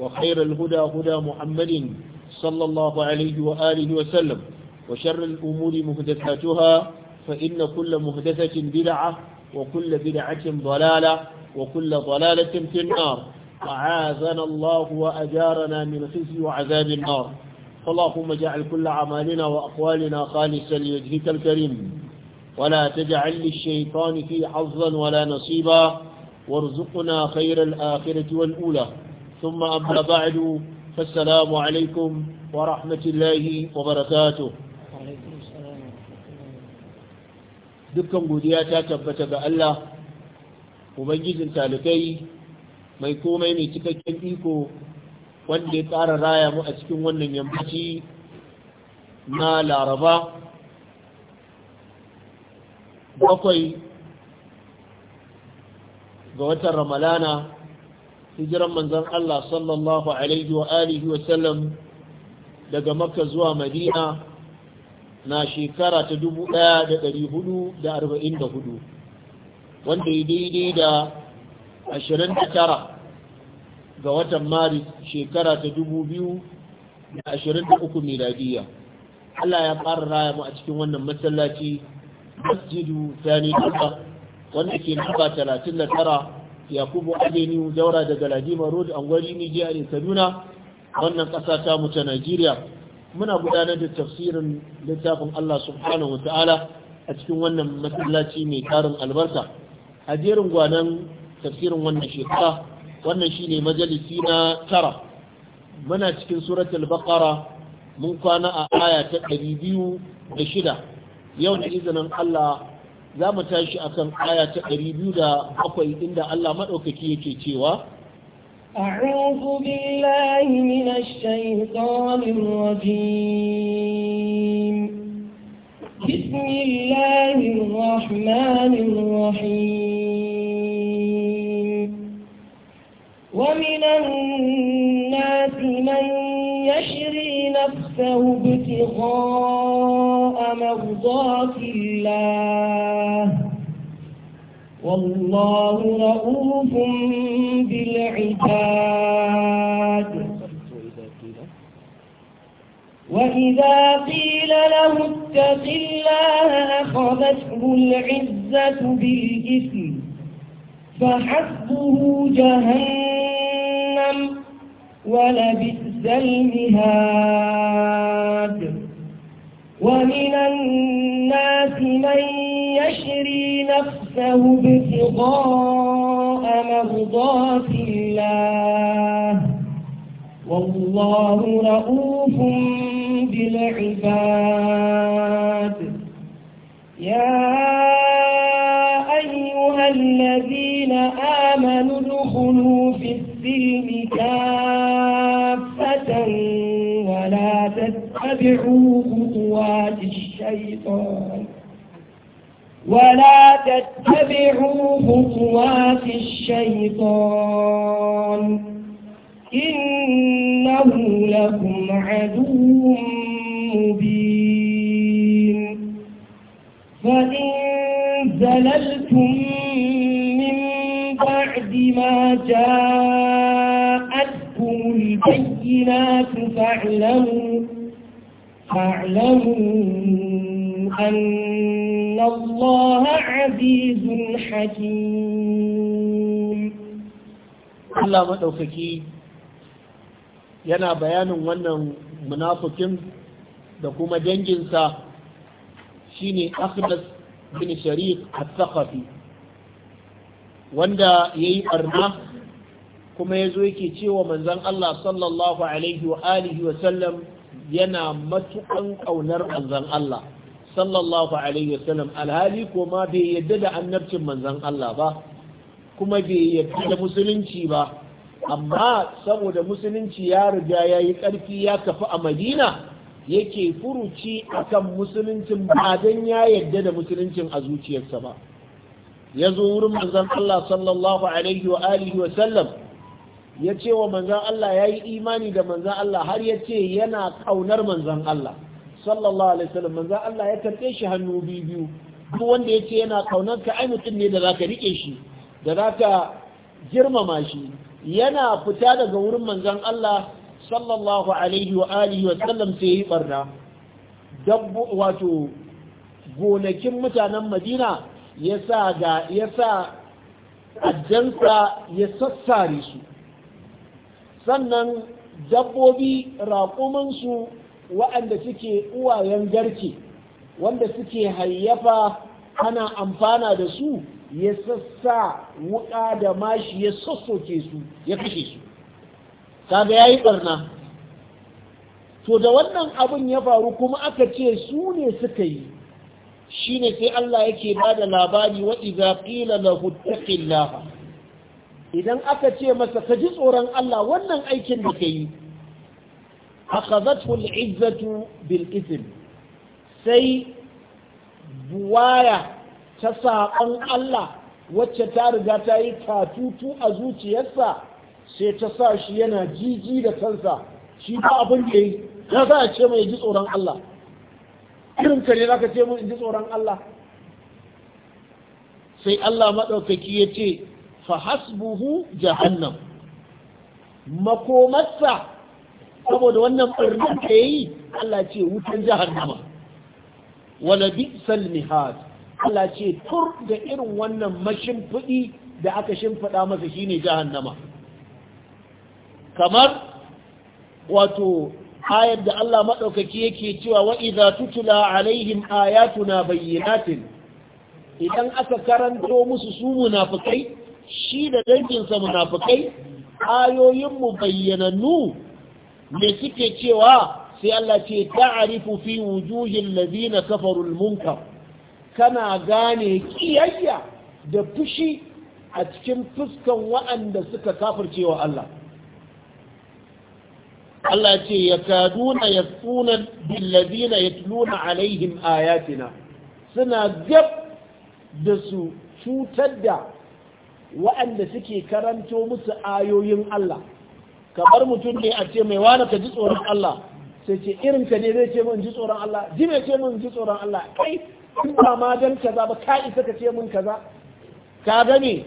وخير الهدى هدى محمد صلى الله عليه وآله وسلم وشر الأمور مهدثاتها فإن كل مهدثة بدعة وكل بدعة ضلالة وكل ضلالة في النار أعاذنا الله وأجارنا من خزي وعذاب النار فاللهم اجعل كل عمالنا وأقوالنا خالصا لوجهك الكريم ولا تجعل للشيطان في حظا ولا نصيبا وارزقنا خير الآخرة والأولى ثم أما بعد فالسلام عليكم ورحمة الله وبركاته dukkan godiya ta tabbata ga Allah ubangijin talibai mai komai mai cikakken iko wanda ya ƙara raya mu a cikin wannan yammaci na laraba bakwai ga watan ramalana hijiran manzon Allah sallallahu alaihi wa alihi wa daga makka zuwa madina na shekara ta 1444 wanda ya daidai da 29 ga watan maris shekara ta 2023 miladiya Allah ya ƙara raya mu a cikin wannan masallaci masjidu sani duka wanda ke nufa 39 yakubu adeni daura daga ladima road angwari ni jihar kaduna wannan ƙasa ta mu ta najeriya muna gudanar da tafsirin littafin allah subhanahu Ta'ala a cikin wannan masallaci mai tarin albarka a jerin gwanan tafsirin wannan shekara wannan shine majalisi na tara muna cikin suratul baqara mun kwana a aya ta 206 yau da izinin allah za mu tashi akan aya ta 207 inda Allah maɗaukaki yake cewa أعوذ بالله من الشيطان الرجيم بسم الله الرحمن الرحيم ومن الناس من يشاء نفسه ابتغاء مرضات الله والله رؤوف بالعباد وإذا قيل له اتق الله أخذته العزة بالإثم فحسبه جهنم ولبث المهاد ومن الناس من يشري نفسه ابتغاء مرضات الله والله رؤوف بالعباد يا أيها الذين آمنوا ادخلوا في السلم كافة تتبعوا خطوات الشيطان ولا تتبعوا خطوات الشيطان إنه لكم عدو مبين فإن زللتم من بعد ما جاءتكم البينات فاعلموا فاعلموا أن الله عزيز حكيم Allah maɗaukaki yana bayanin wannan munafukin da kuma danginsa shine Akhlas bin Sharif al-Thaqafi wanda yayi barna kuma yazo yake cewa manzon Allah sallallahu yana matukan ƙaunar manzan Allah sallallahu alaihi wasallam alhali kuma bai yadda da annabcin manzan Allah ba kuma bai yadda da musulunci ba amma saboda musulunci ya riga ya yi ƙarfi ya kafi a madina yake furuci akan musuluncin ba don ya yadda da musuluncin a zuciyarsa ba ya zo wurin manzan Allah sallallahu alaihi wa alihi wa sallam ya ce wa manzan Allah ya yi imani da manzan Allah har ya ce yana ƙaunar manzan Allah sallallahu alaihi wasallam manzan Allah ya karɓe shi hannu biyu biyu duk wanda ya ce yana ƙaunar ka ai mutum ne da zaka rike shi da zaka girmama shi yana fita daga wurin manzan Allah sallallahu alaihi wa alihi wa sallam sai yi barna dabbo wato gonakin mutanen Madina yasa ga yasa ajjansa ya sassare su sannan dabbobi raƙumansu waɗanda suke uwayen garke wanda suke hayyafa ana amfana da su ya sassa wuƙa da mashi ya sassoke su ya kashe su kaga ya yi ɓarna to da wannan abin ya faru kuma aka ce su ne suka yi shi ne sai Allah yake ba da labari wa iza qila lahu taqillaha idan aka ce masa ka ji tsoron Allah wannan aikin da ka yi akazatul izzatu bil izim sai buwaya ta saƙon Allah wacce ta riga ta yi tatutu a zuciyarsa sai ta sa shi yana jiji da kansa shi ba abin da yi Ya za a ce mai ji tsoron Allah irin kare za ka ce mun ji tsoron Allah sai Allah maɗaukaki ya ce fa jahannam makomarsa saboda wannan birnin da ya yi Allah ce wutan jahannama wala bi'sal mihad Allah ce tur da irin wannan mashimfiɗi da aka shimfiɗa masa shine jahannama kamar wato ayar da Allah maɗaukaki yake cewa wa idza tutula alaihim ayatuna bayyinatin idan aka karanto musu su munafikai shi da danginsa munafukai ayoyinmu bayyanannu me suke cewa sai Allah ce ta'arifu fi wujuhin ladina kafaru munkar kana gane kiyayya da fushi a cikin fuskan wa'anda suka kafirce wa Allah Allah ce ya kaduna ya tsuna billadina ya tuluna alaihim ayatina suna gab da su cutar da waɗanda suke karanto musu ayoyin Allah kamar mutum ne a ce mai wane ka ji tsoron Allah sai ce irin ka ne zai ce min ji tsoron Allah ji mai ce min ji tsoron Allah kai in ba ma dan kaza ba ka isa ka ce min kaza ka gane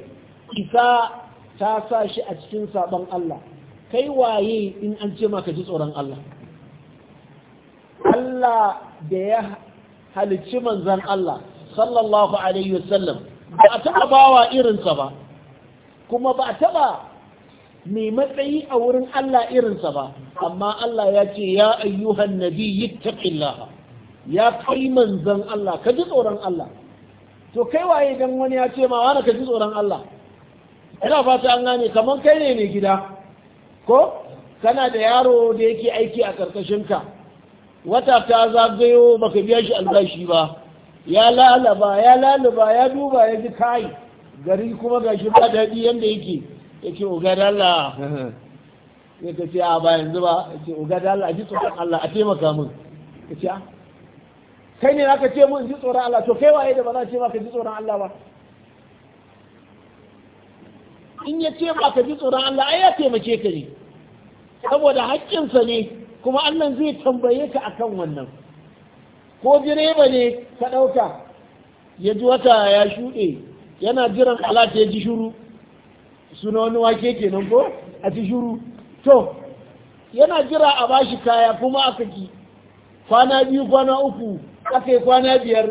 isa ta sa shi a cikin sabon Allah kai waye in an ce maka ji tsoron Allah Allah da ya halicci manzan Allah sallallahu alaihi wasallam ba a taɓa bawa irinsa ba kuma ba a taɓa mai matsayi a wurin Allah irinsa ba amma Allah ya ce ya ayyuhan nabi yittaqillaha ya kai manzon Allah ka ji tsoron Allah to kai waye dan wani ya ce ma wani ka ji tsoron Allah ina fata an gane kamar kai ne ne gida ko kana da yaro da yake aiki a ka. wata ta zagayo baka biya shi albashi ba ya lalaba ya lalaba ya duba ya ji kai gari kuma ga shi ba daɗi yadda yake ya ce uga dalla ya ta ce a ba yanzu ba ya ce uga dalla a ji tsoron Allah a taimaka min ya ce kai ne aka ce mun ji tsoron Allah to kai waye da ba za ce maka ji tsoron Allah ba in ya ce maka ji tsoron Allah ai ya taimake ka ne saboda haƙƙinsa ne kuma Allah zai tambaye ka akan wannan ko direba ne ka ɗauka ya ji wata ya shuɗe yana jiran alat ya ji shuru suna wani wake kenan ko a ji shuru to yana jira a bashi kaya kuma aka ki kwana biyu kwana uku aka yi kwana biyar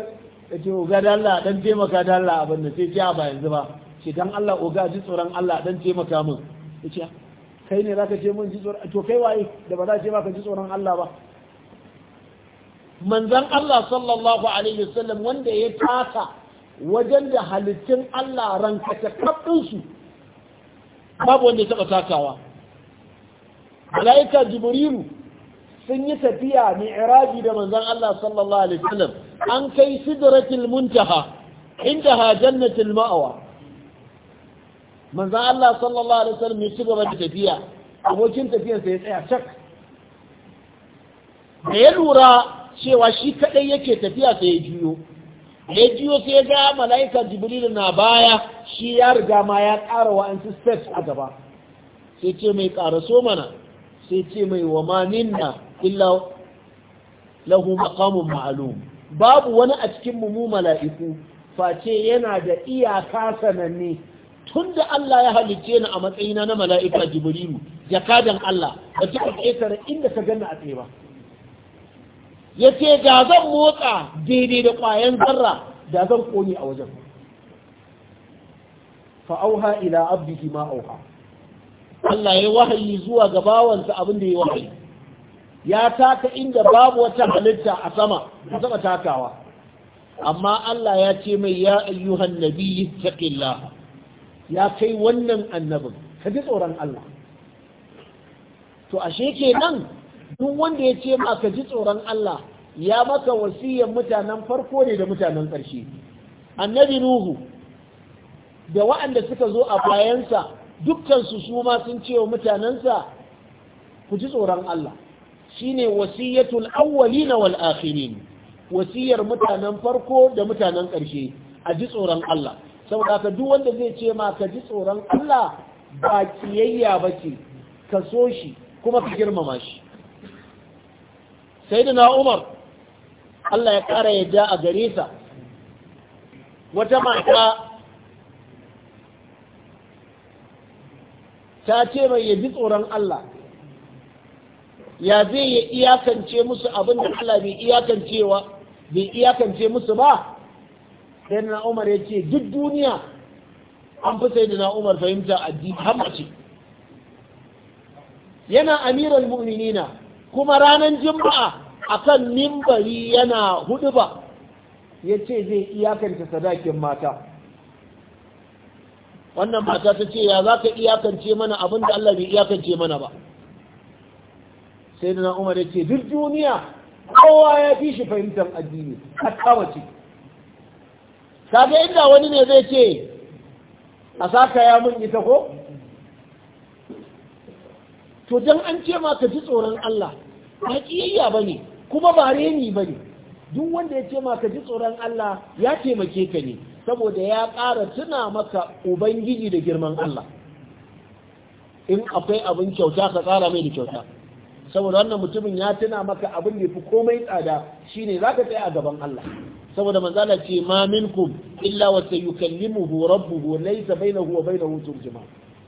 da ce oga da Allah dan taimaka da Allah abin da sai ce ba yanzu ba ce dan Allah oga ji tsoron Allah dan taimaka min ce kai ne zaka ce mun ji tsoron to kai waye da ba za ce ba ka ji tsoron Allah ba manzon Allah sallallahu alaihi wasallam wanda ya taka wajen da halittun Allah rankace kaɗinsu babu wanda ya taɓa takawa malaika jibrilu sun yi tafiya mai mi'raji da manzan Allah sallallahu alaihi wasallam an kai sidratul muntaha indaha jannatul Ma'awa. Manzan Allah sallallahu alaihi wasallam ya ci gaba da tafiya abokin tafiyarsa ya tsaya cak da ya lura cewa shi kaɗai yake tafiya sai ya juyo ya jiyo sai ga mala'ika Jibril na baya shi ya riga ma ya ƙara ansu steps a gaba sai ce mai ƙaraso mana sai ce mai wa maninna illa lahu maqamun ma'lum babu wani a cikin mu mala'iku face yana da iyaka sananne tunda Allah ya halicce ni a matsayina na mala'ika jibrilu jakadan Allah ba ta ƙetare inda ka ganna a tsaye ba ya ce da zan motsa daidai da ƙwayan zarra da zan ƙone a wajen fa'auha ila abdihi ma auha Allah ya wahayi zuwa ga bawansa abin da ya wahayi ya taka inda babu wata halitta a sama a sama takawa amma Allah ya ce mai ya ayyuhan nabiyyi taqillah ya kai wannan annabin ka ji tsoron Allah to ashe kenan duk wanda ya ce ma ka ji tsoron Allah ya maka wasiyar mutanen farko ne da mutanen ƙarshe annabi nuhu da waɗanda suka zo a bayansa dukkansu su ma sun ce wa mutanensa ku ji tsoron Allah shine wasiyatul awwalina wal akhirin wasiyar mutanen farko da mutanen ƙarshe a ji tsoron Allah saboda ka duk wanda zai ce ma ka ji tsoron Allah ba kiyayya bace ka so shi kuma ka girmama shi sai da umar Allah ya ƙara ya ja a gare sa wata mata ta ce mai yabi tsoron Allah ya zai ya iyakance musu abin da Allah bai iyakancewa bai iyakance musu ba sai da umar ya ce duk duniya an fi sai da umar fahimta addini har mace yana amiral mu'minina kuma ranar juma'a kan mimbari yana hudu ba ya ce zai iyakanta sadakin mata wannan mata ta ce ya za ka iyakance mana abin da Allah bai iyakance mana ba sai da umar ya ce duk duniya kowa ya fi shi fahimtar addini hatta Ta kaga inda wani ne zai ce a saka ya mun ita ko to don an ce ma ka ji tsoron Allah ba ba bane kuma ba reni ne. duk wanda ya ce ma ka ji tsoron Allah ya taimake ka ne saboda ya ƙara tuna maka ubangiji da girman Allah in akwai abin kyauta ka tsara mai da kyauta saboda wannan mutumin ya tuna maka abin da ya fi komai tsada shine zaka tsaya a gaban Allah saboda manzala ce ma minkum illa wa sayukallimuhu rabbuhu laysa bainahu wa bainahu turjuma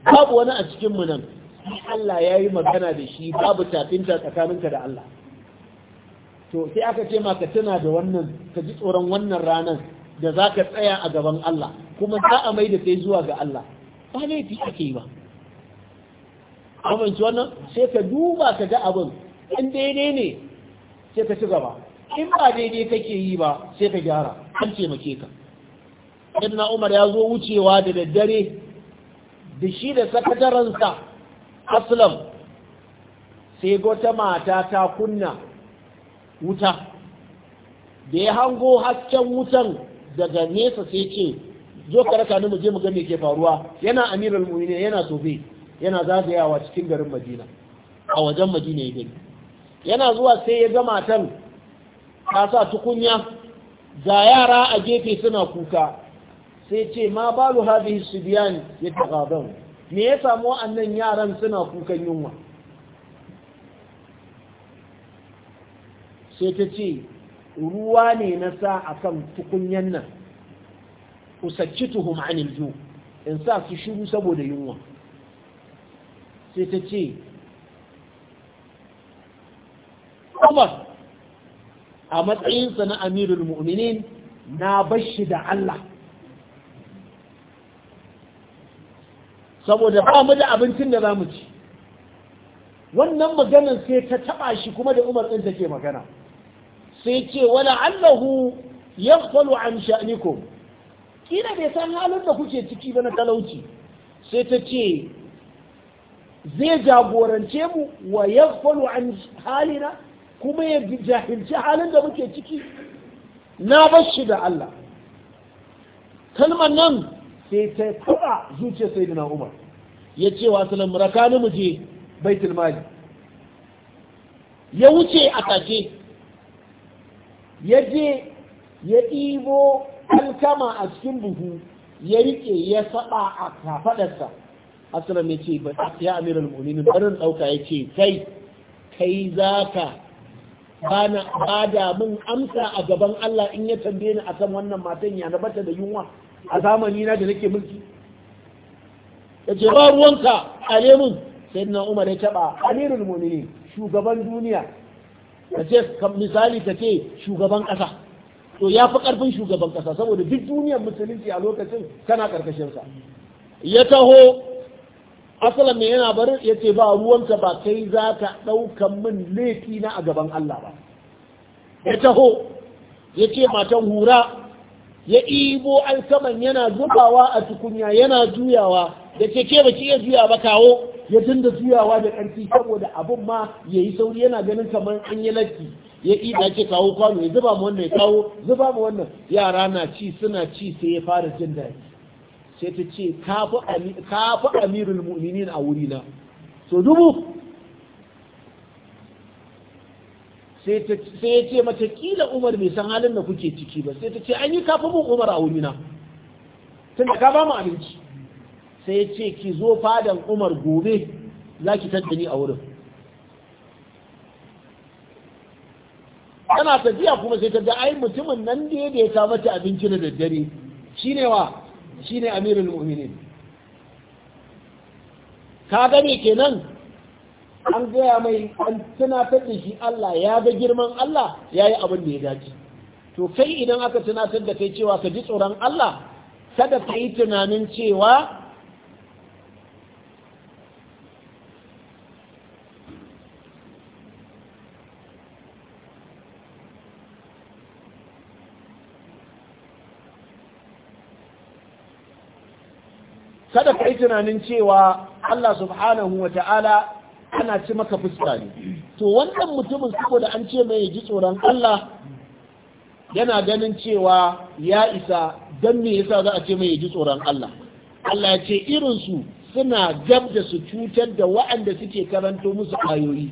babu wani a cikin mu nan Allah ya yi magana da shi babu tafinta tsakaninka da Allah to sai aka ce maka tuna da wannan ka ji tsoron wannan ranar da za ka tsaya a gaban Allah kuma za a mai da kai zuwa ga Allah ba laifi ake yi ba amince wannan sai ka duba ka ga abin in daidai ne sai ka ci gaba in ba daidai kake yi ba sai ka gyara an taimake ka ibn umar ya zo wucewa da daddare da shi da sakataransa aslam sai wata mata ta kunna wuta da ya hango hasken wutan daga nesa sai ce zo ka raka ni muje mu ga me ke faruwa yana amirul mu'minin yana sobe yana zagayawa cikin garin madina a wajen madina ya yana zuwa sai ya ga matan ta tukunya ga yara a gefe suna kuka sai ce ma balu hadhihi subyan yataghaban me ya samu wa'annan yaran suna kukan yunwa sai ta ce ruwa ne na sa a kan tukunyan nan usacci tuhum anil in sa su shiru saboda yunwa sai ta ce umar a matsayinsa na amirul mu'minin na bashi da Allah saboda ba mu da abincin da za mu ci wannan maganar sai ta taba shi kuma da umar ɗin take magana sai ce wala allahu yaghfalu an sha'nikum kila bai san halin da kuke ciki ba na talauci sai ta ce zai jagorance mu wa yaghfalu an halina kuma ya jahilci halin da muke ciki na bar shi da Allah kalmar nan sai ta kada zuciyar sayyidina umar ya ce wa sallam rakani mu je baitul mali ya wuce a take ya je ya ɗibo alkama a cikin buhu ya riƙe ya saba a kafadarsa asalam ya ce ya al mu'minin barin ɗauka ya ce kai kai zaka ka bada mun amsa a gaban Allah in ya tambaye ni akan wannan matan ya nabata da yunwa a zamani na da nake mulki ya ce ba ruwanka a lemun sai na umar ya taɓa amirul mumini shugaban duniya ka ce misali ka ce shugaban ƙasa to ya fi ƙarfin shugaban ƙasa saboda duk duniyar musulunci a lokacin tana ƙarƙashinsa ya taho asalin mai yana barin ya ce ba ruwanka ba kai za ka ɗaukan min laifi na a gaban Allah ba ya taho ya ce matan hura ya ibo alkaman yana zubawa a tukunya yana juyawa da keke ke baki iya juya ba kawo ya dinda juyawa da ƙarfi saboda abin ma yayi sauri yana ganin kamar an yi latti ya da ce kawo kwano ya zuba mu wannan ya kawo zuba mu wannan yara na ci suna ci sai ya fara jin daɗi sai ta ce kafi amirul mu'minin a wurina so dubu sai ya ce mata kila umar bai san halin da kuke ciki ba sai ta ce an yi kafin mun umar a wurina tun da ka ba mu abinci sai ya ce ki zo fadan umar gobe za ki tattali a wurin tana tafiya kuma sai ta ga ai mutumin nan da ya ta mata abinci na daddare shine wa ne amirul mu'minin ka gane kenan an gaya mai an tunatar da shi Allah ya ga girman Allah ya yi abin da ya dace to kai idan aka tunatar da kai cewa ka ji tsoron Allah kada ka yi tunanin cewa kada ka yi tunanin cewa Allah subhanahu wa ta'ala ana ci maka fuska ne to wannan mutumin saboda an ce mai ji tsoron Allah yana ganin cewa ya isa don me yasa za a ce mai ji tsoron Allah Allah ya ce su suna gab da su cutar da waɗanda suke karanto musu ayoyi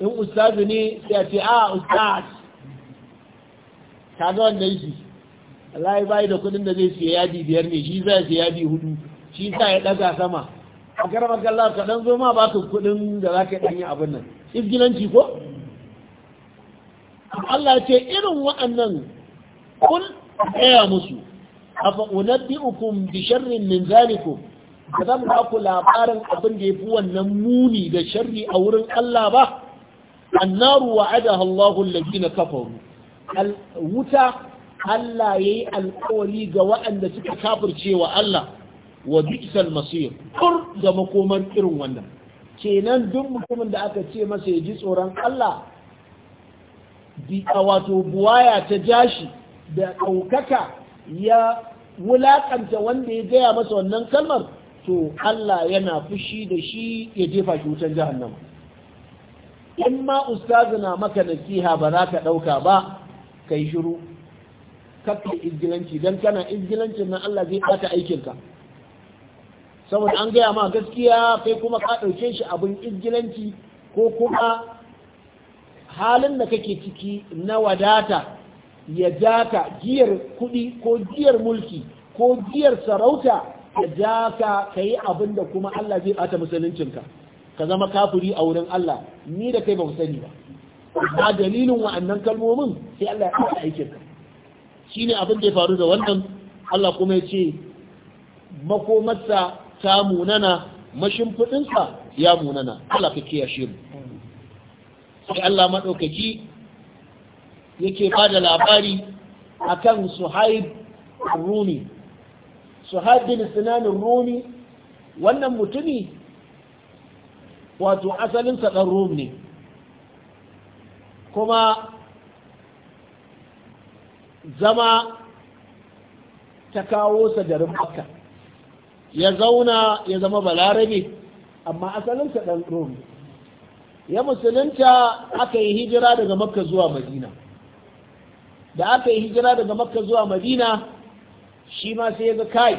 in ustazu ne sai a ce a ustaz kaga wanda yake Allah ya bai da kudin da zai siya yadi biyar ne shi zai siya yadi hudu shi sa ya daga sama a karamar gallar ka dan zo ma ba ka kudin da za ka yi abin nan izgilanci ko Allah ce irin waɗannan kun ɗaya musu afa unabbi'ukum bi sharrin min zalikum ba zan ba ku labarin abin da ya fi wannan muni da sharri a wurin Allah ba annaru wa'adaha Allahu allazina kafaru wuta Allah yayi alkawari ga waɗanda suka kafirce wa Allah wa bi'sal masir kur da makomar irin wannan kenan duk mutumin da aka ce masa ya ji tsoron Allah bi wato buwaya ta jashi da ɗaukaka ya wulakanta wanda ya gaya masa wannan kalmar to Allah yana fushi da shi ya jefa shi wutan jahannama in ma na maka nasiha ba za ka ɗauka ba kai shiru kakka izgilanci don kana izgilancin nan Allah zai ɓata aikinka saboda an gaya ma gaskiya kai kuma ka ɗauke shi abin izgilanci ko kuma halin da kake ciki na wadata ya ja ka giyar kuɗi ko giyar mulki ko giyar sarauta ya ja ka ka yi abin da kuma Allah zai ɓata musuluncinka ka zama kafuri a wurin Allah ni da kai ba mu sani ba ba dalilin wa'annan kalmomin sai Allah ya aikin aikinka shine abin da ya faru da wannan Allah kuma ya ce makomarsa ta munana mashimfiɗinsa ya munana Allah ka kiyashe mu sai Allah maɗaukaki yake ba da labari akan suhaib rumi suhaib bin sinanin rumi wannan mutumi wato asalinsa ɗan rum ne kuma zama ta kawo sa da makka ya zauna ya zama balarabe amma asalinsa ɗan rom ya musulunta aka yi hijira daga makka zuwa madina da aka yi hijira daga makka zuwa madina shi ma sai ya ga kai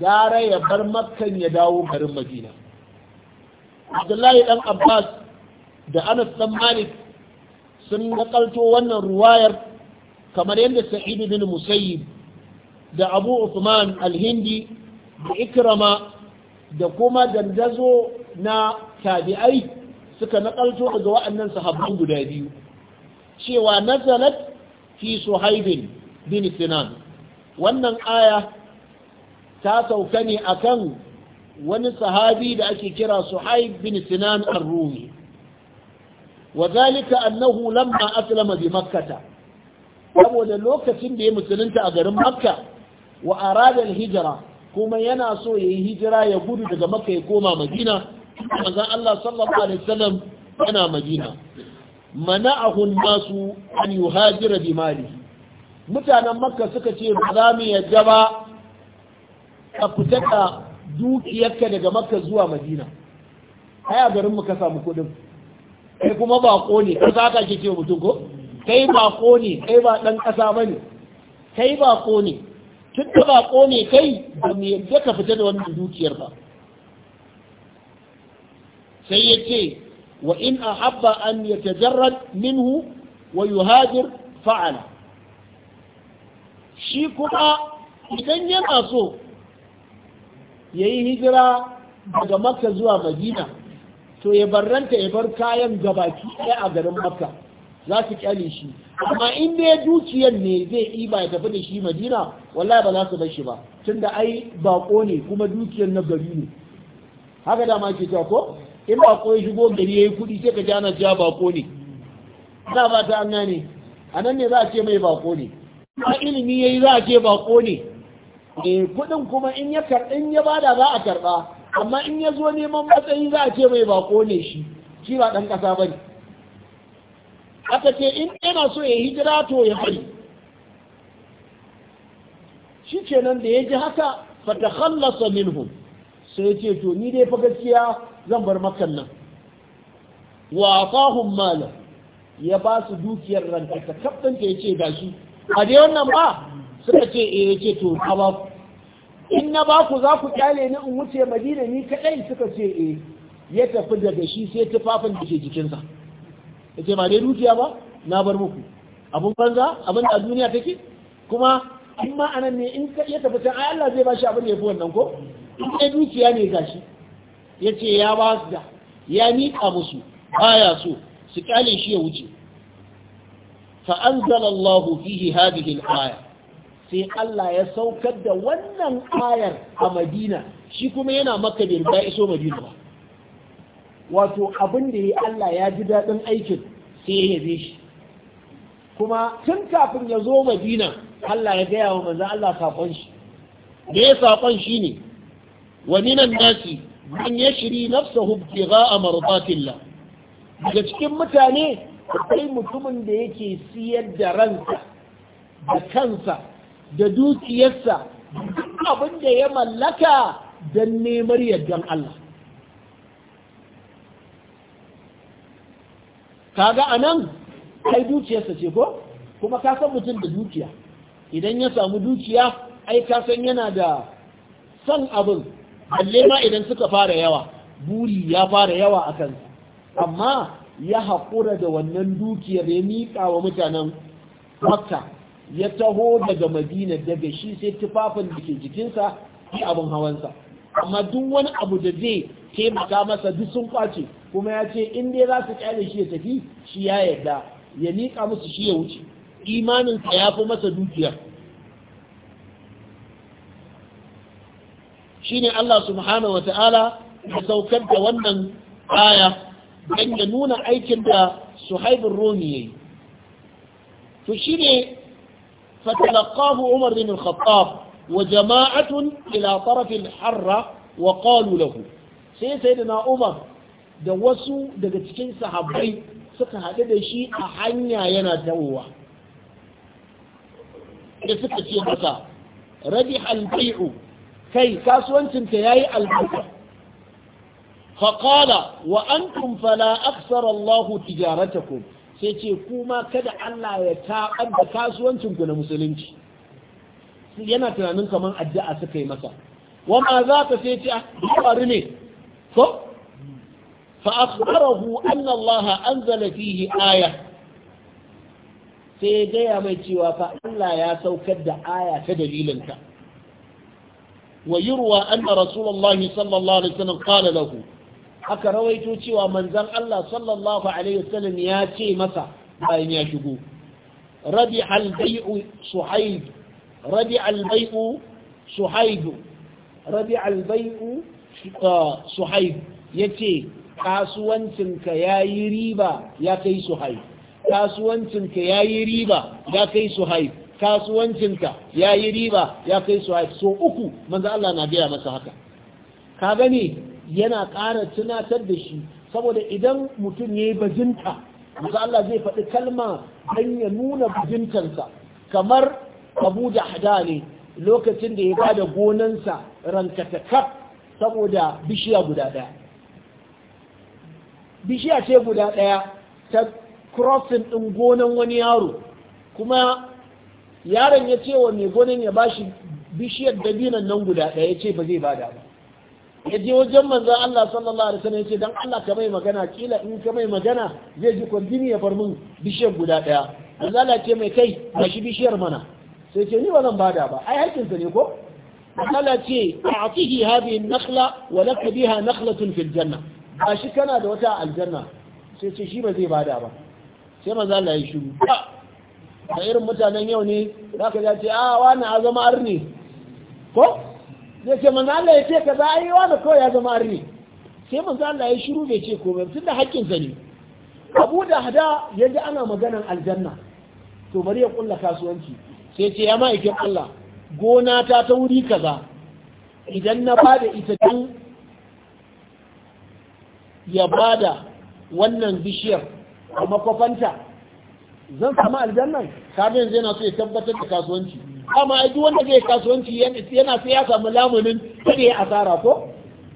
gara ya bar makkan ya dawo garin madina abdullahi ɗan abbas da anas ɗan malik sun nakalto wannan ruwayar kamar yadda sa'idu bin musayyib da abu usman al da ikrama da kuma dandazo na tabi'ai suka nakalto daga wa'annan sahabban guda biyu cewa nazalat fi suhaibin bin sinan wannan aya ta sauka ne akan wani sahabi da ake kira suhaib bin sinan ar-rumi وذلك Makkata. Saboda lokacin da ya musulunta a garin Makka, wa وأراد hijra kuma yana so ya yi hijira ya gudu daga maka ya koma madina manzan Allah sallallahu alaihi wasallam yana madina mana'ahun masu an hajira bi mali mutanen makka suka ce ba za mu yadda ba ka fita ka dukiyarka daga makka zuwa madina haya garin mu ka samu kudin kai kuma bako ne ka saka ke ce mutum ko kai ba ne kai ba dan kasa bane kai ba ne tun da bako ne kai ba mu yadda ka fita da wannan dukiyar ba sai ya ce wa in ahabba an tajarrad minhu wa yuhadir fa'ala shi kuma idan yana so ya yi hijira daga makka zuwa madina to ya barranta ya bar kayan gabaki ɗaya a garin makka za su kyale shi amma in da ya dukiyar ne zai iba ya tafi da shi madina wallahi ba za su bar shi ba tunda ai bako ne kuma dukiyar na gari ne haka dama ke ta ko in bako ya shigo gari yayi kudi sai ka ji ana cewa bako ne ina ba ta an gane a nan ne za a ce mai bako ne a ilimi yayi za a ce bako ne eh kudin kuma in ya karɓi ya bada za a karɓa amma in ya zo neman matsayi za a ce mai bako ne shi shi ba ɗan ƙasa ba ne aka ce in yana so ya hijira to ya bari shi nan da ya ji haka fata khallasa minhum sai ce to ni dai fa gaskiya zan bar makan nan wa atahum mala ya ba su dukiyar ranta ta kafin ya ce ga shi a dai wannan ba suka ce eh ce to ka ba in na ba ku za ku kyale ni in wuce madina ni kadai suka ce eh ya tafi daga shi sai tufafin da ke jikinsa yace ba dai dukiya ba na bar muku abun banza abin da duniya take kuma in anan ne in ya tafi can ai Allah zai bashi abin da yafi wannan ko in dai dukiya ne gashi yace ya ba da ya ka musu baya so su kyale shi ya wuce fa anzala Allah fihi hadhihi al-aya sai Allah ya saukar da wannan ayar a Madina shi kuma yana Makka bai iso Madina ba wato abin da ya Allah ya ji daɗin aikin sai ya yabe shi kuma tun kafin ya zo madina Allah ya gaya wa manzan Allah saƙon shi da ya saƙon shi ne wa minan nasi man ya shiri nafsa ga a marubatillah daga cikin mutane akwai mutumin da yake siyar da ransa da kansa da dukiyarsa abin da ya mallaka don neman yardan Allah kaga anan kai dukiyarsa ce ko kuma ka san mutum da dukiya idan ya samu dukiya ai ka san yana da son abin balle ma idan suka fara yawa buri ya fara yawa a kansa amma ya haƙura da wannan dukiyar ya miƙa wa mutanen makka ya taho daga madina daga shi sai tufafin da ke jikinsa ya abin hawansa amma duk wani abu da zai taimaka masa duk sun kwace kuma ya ce in dai za su kyale shi ya tafi shi ya yarda ya miƙa musu shi ya wuce imaninsa ya fi masa dukiyar shine Allah subhanahu wa ta'ala ya saukar da wannan aya don ya nuna aikin da suhaibin romi ya yi to shi ne fatalakahu umar bin al-khattab wa jama'atun ila tarafin harra wa qalu lahu sai sai da na umar da wasu daga cikin sahabbai suka haɗu da shi a hanya yana dawowa da suka ce masa rabi albai'u kai kasuwancinta ya yi albarka faƙala wa an fala aksar allahu tijaratakum sai ce kuma kada allah ya taɓar da kasuwancinku na musulunci yana tunanin kamar addu'a suka yi masa wa ma za ka sai ce ah, a ne ko فأخبره أن الله أنزل فيه آية sai gaya mai cewa fa Allah ya saukar da aya ta dalilinka wa yurwa anna rasulullah sallallahu alaihi wasallam qala aka rawaito cewa manzon Allah sallallahu alaihi wasallam ya ce masa bayan ya shigo rabi al suhaib rabi al suhaib rabi suhaib yace kasuwancinka ya yi riba ya kai su haif kasuwancinka ya yi riba ya kai su haif kasuwancinka ya yi riba ya kai su haif so uku manzo Allah na gaya masa haka ka gani yana ƙara tunatar da shi saboda idan mutum ya yi bajinta manzo Allah zai faɗi kalma don ya nuna bajintansa kamar abu da hada ne lokacin da ya bada gonansa rankatakaf saboda bishiya guda ɗaya bishiya ce guda ɗaya ta crossing ɗin gonan wani yaro kuma yaron ya ce wa mai gonan ya bashi bishiyar dabinan nan guda ɗaya ya ce ba zai bada ba ya je wajen manzan Allah sallallahu alaihi wasallam ya ce dan Allah ka mai magana kila in ka mai magana zai ji kwandini ya far min bishiyar guda ɗaya manzala ce mai kai ba shi bishiyar mana sai ce ni ba zan bada ba ai haƙƙinsa ne ko manzala ce a'tihi hadhihi an-nakhla wa lak biha nakhlatun fil janna ba shi kana da wata aljanna sai ce shi ba zai bada ba sai manzo Allah ya shiru da irin mutanen yau ne za ka ce a ah, wani a zama arni ko zai ce maza Allah ya ce kaza yi wani kawai ya zama arni sai manzo Allah ya shiru bai ce komai da haƙƙin zane ne Abu da hada yadda ana maganan aljanna to bari ya kulla kasuwanci sai ce ya ma'aikin Allah gona ta ta wuri kaza idan na bada ita tun ya da wannan bishiyar a makwafanta zan samu aljannan kaga yanzu yana so ya tabbatar da kasuwanci amma ai wanda zai kasuwanci yana sai ya samu lamunin kada ya asara ko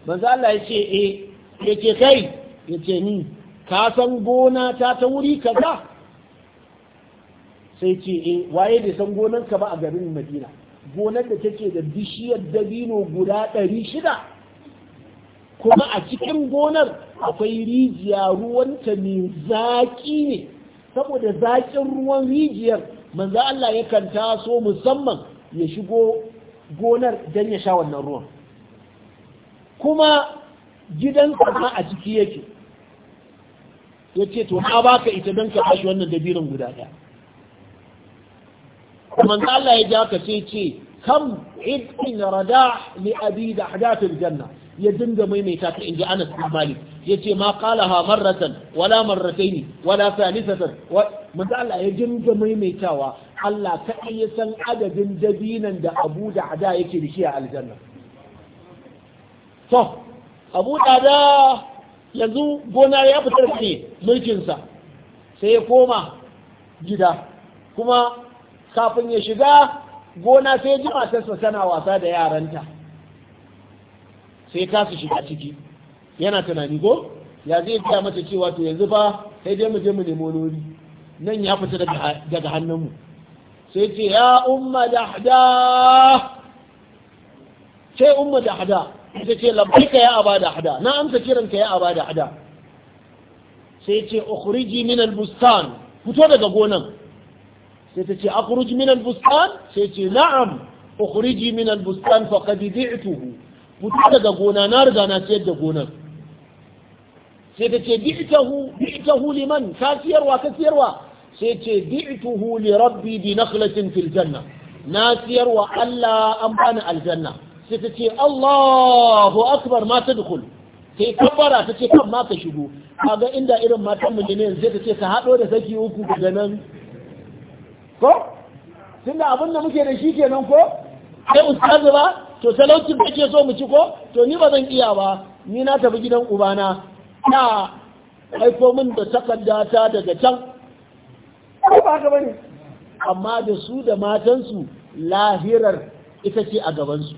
manzo Allah ya ce eh yace kai Ya ce ni ka san gona ta ta wuri kaza sai ce eh waye da san gonar ka ba a garin Madina gonar da take da bishiyar dabino guda ɗari shida kuma a cikin gonar akwai rijiya ruwanta mai zaƙi ne saboda zaƙin ruwan rijiyar manzo Allah yakan taso musamman ya shigo gonar don ya sha wannan ruwan kuma gidan ma a ciki yake ya ce to na baka ita don ka bashi wannan dabirin guda ɗaya manzo Allah ya ja ka ce ce kam idin rada li abi da hadatul janna ya dinga maimaita ta inji Anas bin Malik yace ma qalaha marratan wala marratayn wala thalithatan manzo Allah ya dinga maimaitawa Allah kadai ya san adadin dabinan da Abu Da'da yake da shi a aljanna to Abu Da'da yanzu gona ya fitar ne mulkin sa sai ya koma gida kuma kafin ya shiga gona sai ji matarsa tana wasa da yaranta sai ta kasa shiga ciki yana tunani ko ya zai gaya mata cewa to yanzu fa sai dai mu je mu nemi wani nan ya fita daga hannunmu sai ce ya umma da hada ce umma da hada ita ce labbaika ya aba da hada na amsa kiranka ya aba da hada sai ce ukhriji min al-bustan fito daga gonan sai ta ce akhruj min al-bustan sai ce na'am ukhriji min al-bustan faqad bi'tuhu fita daga gona na riga na ciyar da gonar sai ta ce bi'tahu liman ka siyarwa ka siyarwa sai ce ita huli rabbi bi nakhlatin fil janna na siyarwa Allah an bani aljanna sai ta ce Allahu akbar ma tadkhul sai kabbara ta ce kan ma ka shigo kaga inda irin matan mu ne sai ta ce ka hado da saki uku daga nan ko tunda abin da muke da shi kenan ko sai ustazu ba to talaucin kake so mu ci ko to ni ba zan iya ba ni na tafi gidan ubana na haifo min da takarda ta daga can amma da su da matansu lahirar ita ce a gabansu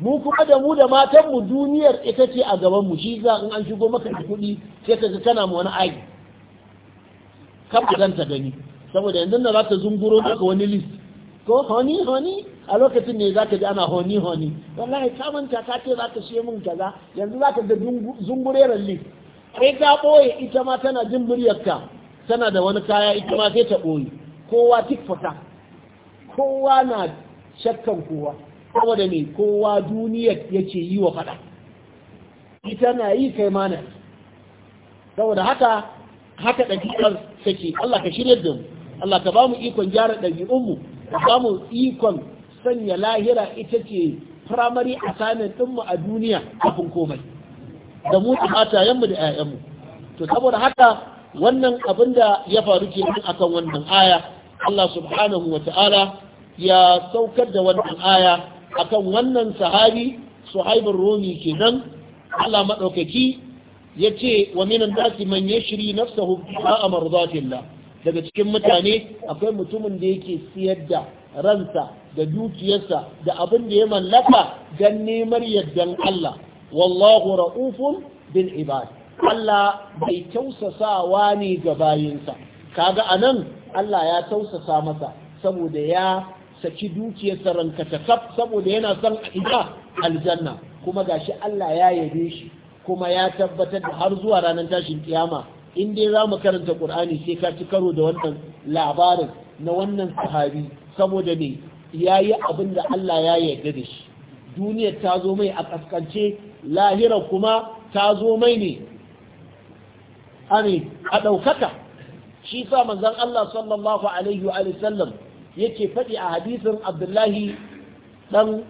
mu kuma da mu da matanmu duniyar ita ce a gabanmu shi za in an shigo maka da kuɗi sai ka ga kana mu wani zan ta gani saboda yanzu na za ta zunguro daga wani list ko honey honey a lokacin ne za ka ji ana honi honi wallahi ka manta ka ce ka shi mun kaza yanzu za ka ga zungureran lif sai ta ɓoye ita ma tana jin muryarta, tana da wani kaya ita ma sai ta boye kowa tikfata kowa na shakkan kowa kowa da ne kowa duniyar yake yi wa fada ita na yi kai mana saboda haka haka ɗabi'ar sake Allah ka shirya da mu Allah ka ba mu ikon gyara ɗabi'unmu ka ba mu ikon sanya lahira ita ce firamari a sanin ɗinmu a duniya kafin komai da mu da mu da 'ya'yanmu to saboda haka wannan abin da ya faru ke akan wannan aya Allah subhanahu wa ta'ala ya saukar da wannan aya akan wannan sahabi suhaibin romi kenan Allah maɗaukaki ya ce wa minan dasi man ya shiri nafsahu a daga cikin mutane akwai mutumin da yake siyar da ransa da dukiyarsa da abin da ya mallaka don neman yardan Allah wallahu ra'ufun bil ibad Allah bai wa ne ga bayinsa kaga anan Allah ya tausasa masa saboda ya saki dukiyarsa rankatakaf saboda yana son isa aljanna kuma gashi Allah ya yabe shi kuma ya tabbatar da har zuwa ranar tashin kiyama in dai za mu karanta Qur'ani sai ka ci karo da wannan labarin na wannan sahabi saboda ne ya yi abin da Allah ya yarda da shi duniyar ta zo mai a kaskance lahira kuma ta zo mai ne a ɗaukaka shi sa manzan Allah sallallahu alaihi wa sallam yake faɗi a hadisin abdullahi ɗan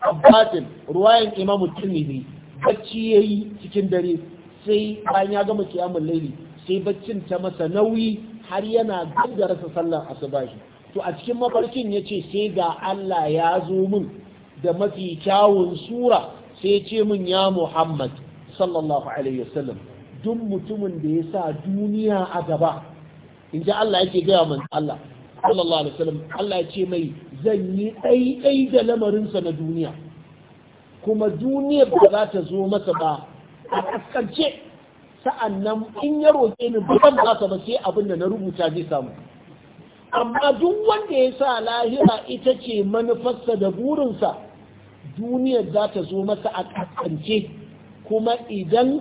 abbatin ruwayan imamu tirmidhi bacci ya yi cikin dare sai bayan ya gama kiyamun laili sai baccin ta masa nauyi har yana gaggarasa sallar asubahi to a cikin mafarkin ya ce sai ga Allah ya zo min da mafi kyawun sura sai ce min ya Muhammad sallallahu alaihi wasallam duk mutumin da ya sa duniya a gaba in ji Allah yake gaya min Allah sallallahu alaihi wasallam Allah ya ce mai zan yi ɗaiɗai da lamarinsa na duniya kuma duniya ba za ta zo masa ba a kaskance sa'annan in ya roƙe ni ba zan ba sai abin da na rubuta zai samu amma duk wanda ya sa lahira ita ce manufarsa da burinsa duniyar za ta zo masa a kaskance kuma idan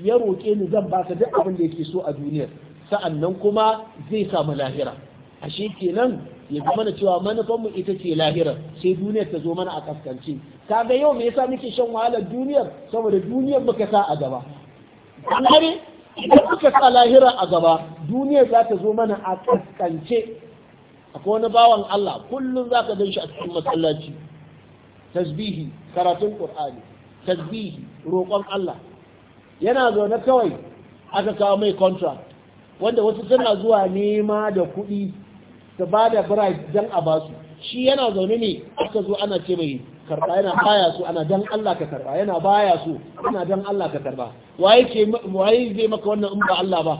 ya roƙe ni zan ba sa duk abin da yake so a duniyar sa'annan kuma zai samu lahira ashe kenan ya zama mana cewa manufarmu ita ce lahira sai duniyar ta zo mana a kaskance ga yau me yasa muke shan wahalar duniyar saboda duniyar muka sa a gaba idan muka sa lahira a gaba duniyar za ta zo mana a kaskance akwai wani bawan Allah kullum zaka gan shi a cikin masallaci tasbihi karatun qur'ani tasbihi roƙon Allah yana zaune kawai aka kawo mai contract wanda wasu suna zuwa nema da kuɗi ta ba da bribe dan a basu shi yana zaune ne aka zo ana ce mai karba yana baya so ana dan Allah ka karba yana baya so ana dan Allah ka karba waye waye zai maka wannan in ba Allah ba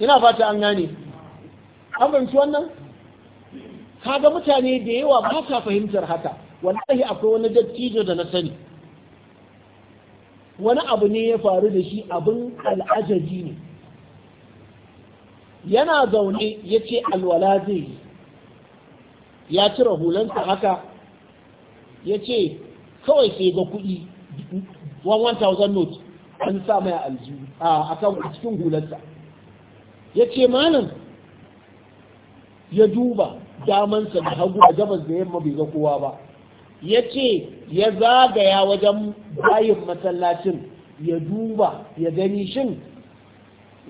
ina fata an gane an fahimci wannan kaga mutane da yawa ba sa fahimtar haka wallahi akwai wani dattijo da na sani wani abu ne ya faru da shi abin al'ajabi ne yana zaune ya ce alwala zai yi ya cire hulansa haka ya ce kawai sai ga kuɗi 1,000 note an sa mai aljihu a kan cikin hulansa ya ce malam ya duba damansa da hagu a gabas da yamma bai ga kowa ba ya ce ya zagaya wajen bayin masallacin ya duba ya gani shin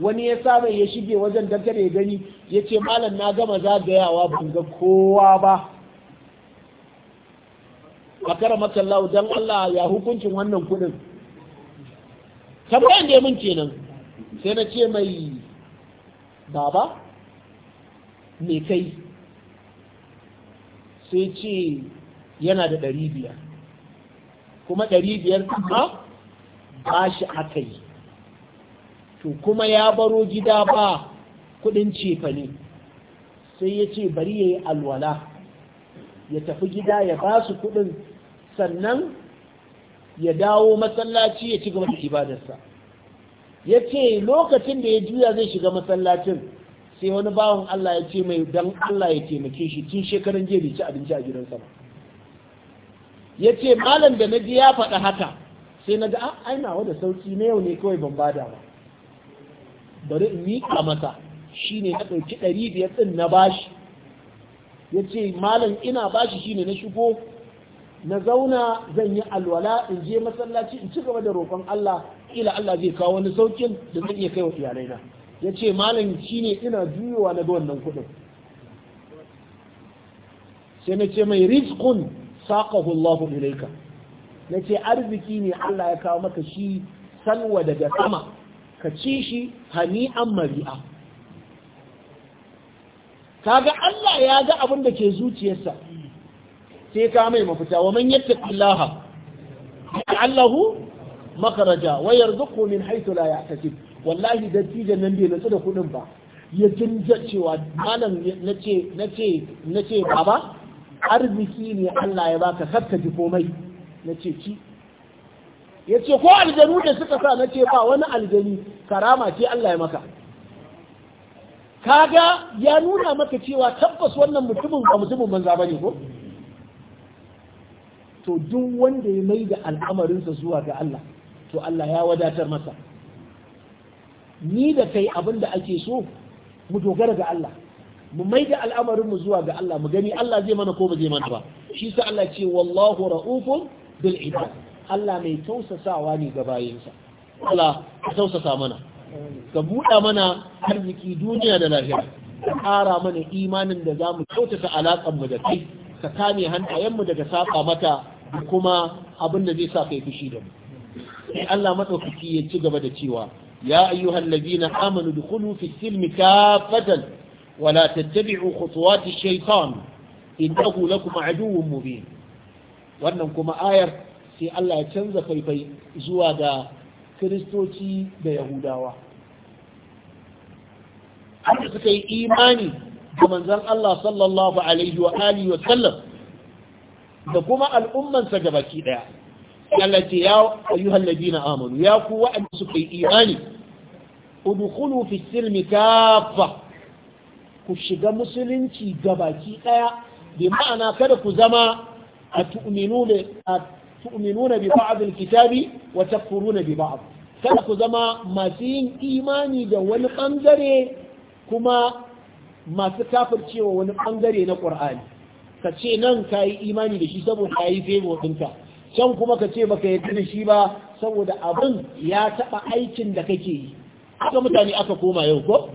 wani ya samu ya shige wajen dankare ya gani ya ce malam na gama zagayawa ban ga kowa ba a kara don Allah ya hukuncin wannan kudin tambayan da ya mun kenan sai na ce mai baba me kai sai ce yana da ɗari biyar kuma ɗari biyar kuma ba shi aka yi to kuma ya baro gida ba kudin cefane sai ya ce bari ya yi alwala ya tafi gida ya ba su kudin sannan ya dawo masallaci ya ci gaba da ibadarsa ya ce lokacin da ya juya zai shiga masallacin sai wani bawan Allah ya ce mai don Allah ya taimake shi tun shekaran jiya bai ci abinci a gidan sama. ya ce malam da na ji ya faɗa haka sai na ga a ah, aina nawa da sauki na yau ne kawai ban bada ba bari in yi miƙa masa ne na ɗauki ɗari biyar ɗin na bashi ya ce malam ina bashi shi ne na shigo na zauna zan yi alwala in je masallaci in ci gaba da roƙon Allah ila Allah zai kawo wani saukin da zan iya kai wa iyalaina ya ce malam shi ne ina juyowa na ga wannan kudin sai na ce mai rizqun saqahu Allahu ilaika na ce arziki ne Allah ya kawo maka shi salwa daga sama ka ci shi hani'an mari'a kaga Allah ya ga abin da ke zuciyarsa sai ka mai mafita wa man yattaqillaha Allahu makaraja wa yarzuqhu min haythu ya yahtasib wallahi dattijan nan bai nutsu da kuɗin ba ya jinja cewa malam na ce baba arziki ne Allah ya baka kakka ji komai na ce ci ya ce ko aljanu da suka sa na ce ba wani aljani karama ce Allah ya maka kaga ya nuna maka cewa tabbas wannan mutumin ba mutumin banza ba ne ko to duk wanda ya mai da al'amarinsa zuwa ga Allah to Allah ya wadatar masa ni da kai abin da ake so mu dogara ga Allah mu mai da al'amarin mu zuwa ga Allah mu gani Allah zai mana ko ba zai mana ba shi sa Allah ce wallahu ra'ufun bil ibad Allah mai tausasawa ne ga bayinsa Allah ka tausasa mana ka buɗa mana arziki duniya da lahira ka ƙara mana imanin da za mu kyautata alaƙar mu da kai ka kame hannayenmu daga saba mata da kuma abin da zai sa kai fushi da mu sai Allah maɗaukaki ya ci gaba da cewa يا أيها الذين آمنوا دخلوا في السلم كافة ولا تتبعوا خطوات الشيطان إنه لكم عدو مبين wannan kuma ayar sai Allah canza faifai zuwa ga kiristoci da yahudawa har suka yi imani da manzon Allah sallallahu alaihi wa alihi wa sallam da kuma al'ummansa gabaki daya Allah ce ya ayyuhal ya suka yi imani udkhulu fi silmi kafa ku shiga musulunci gabaki daya bi ma'ana kada ku zama a tu'minuna bi ba'd al-kitabi wa takfuruna bi ba'd kada ku zama masu yin imani da wani bangare kuma masu kafircewa wani bangare na Qur'ani ka ce nan kayi imani da shi saboda yi fego ɗinka. can kuma ka ce baka yarda da shi ba saboda abin ya taɓa aikin da kake yi aka mutane aka koma yau ko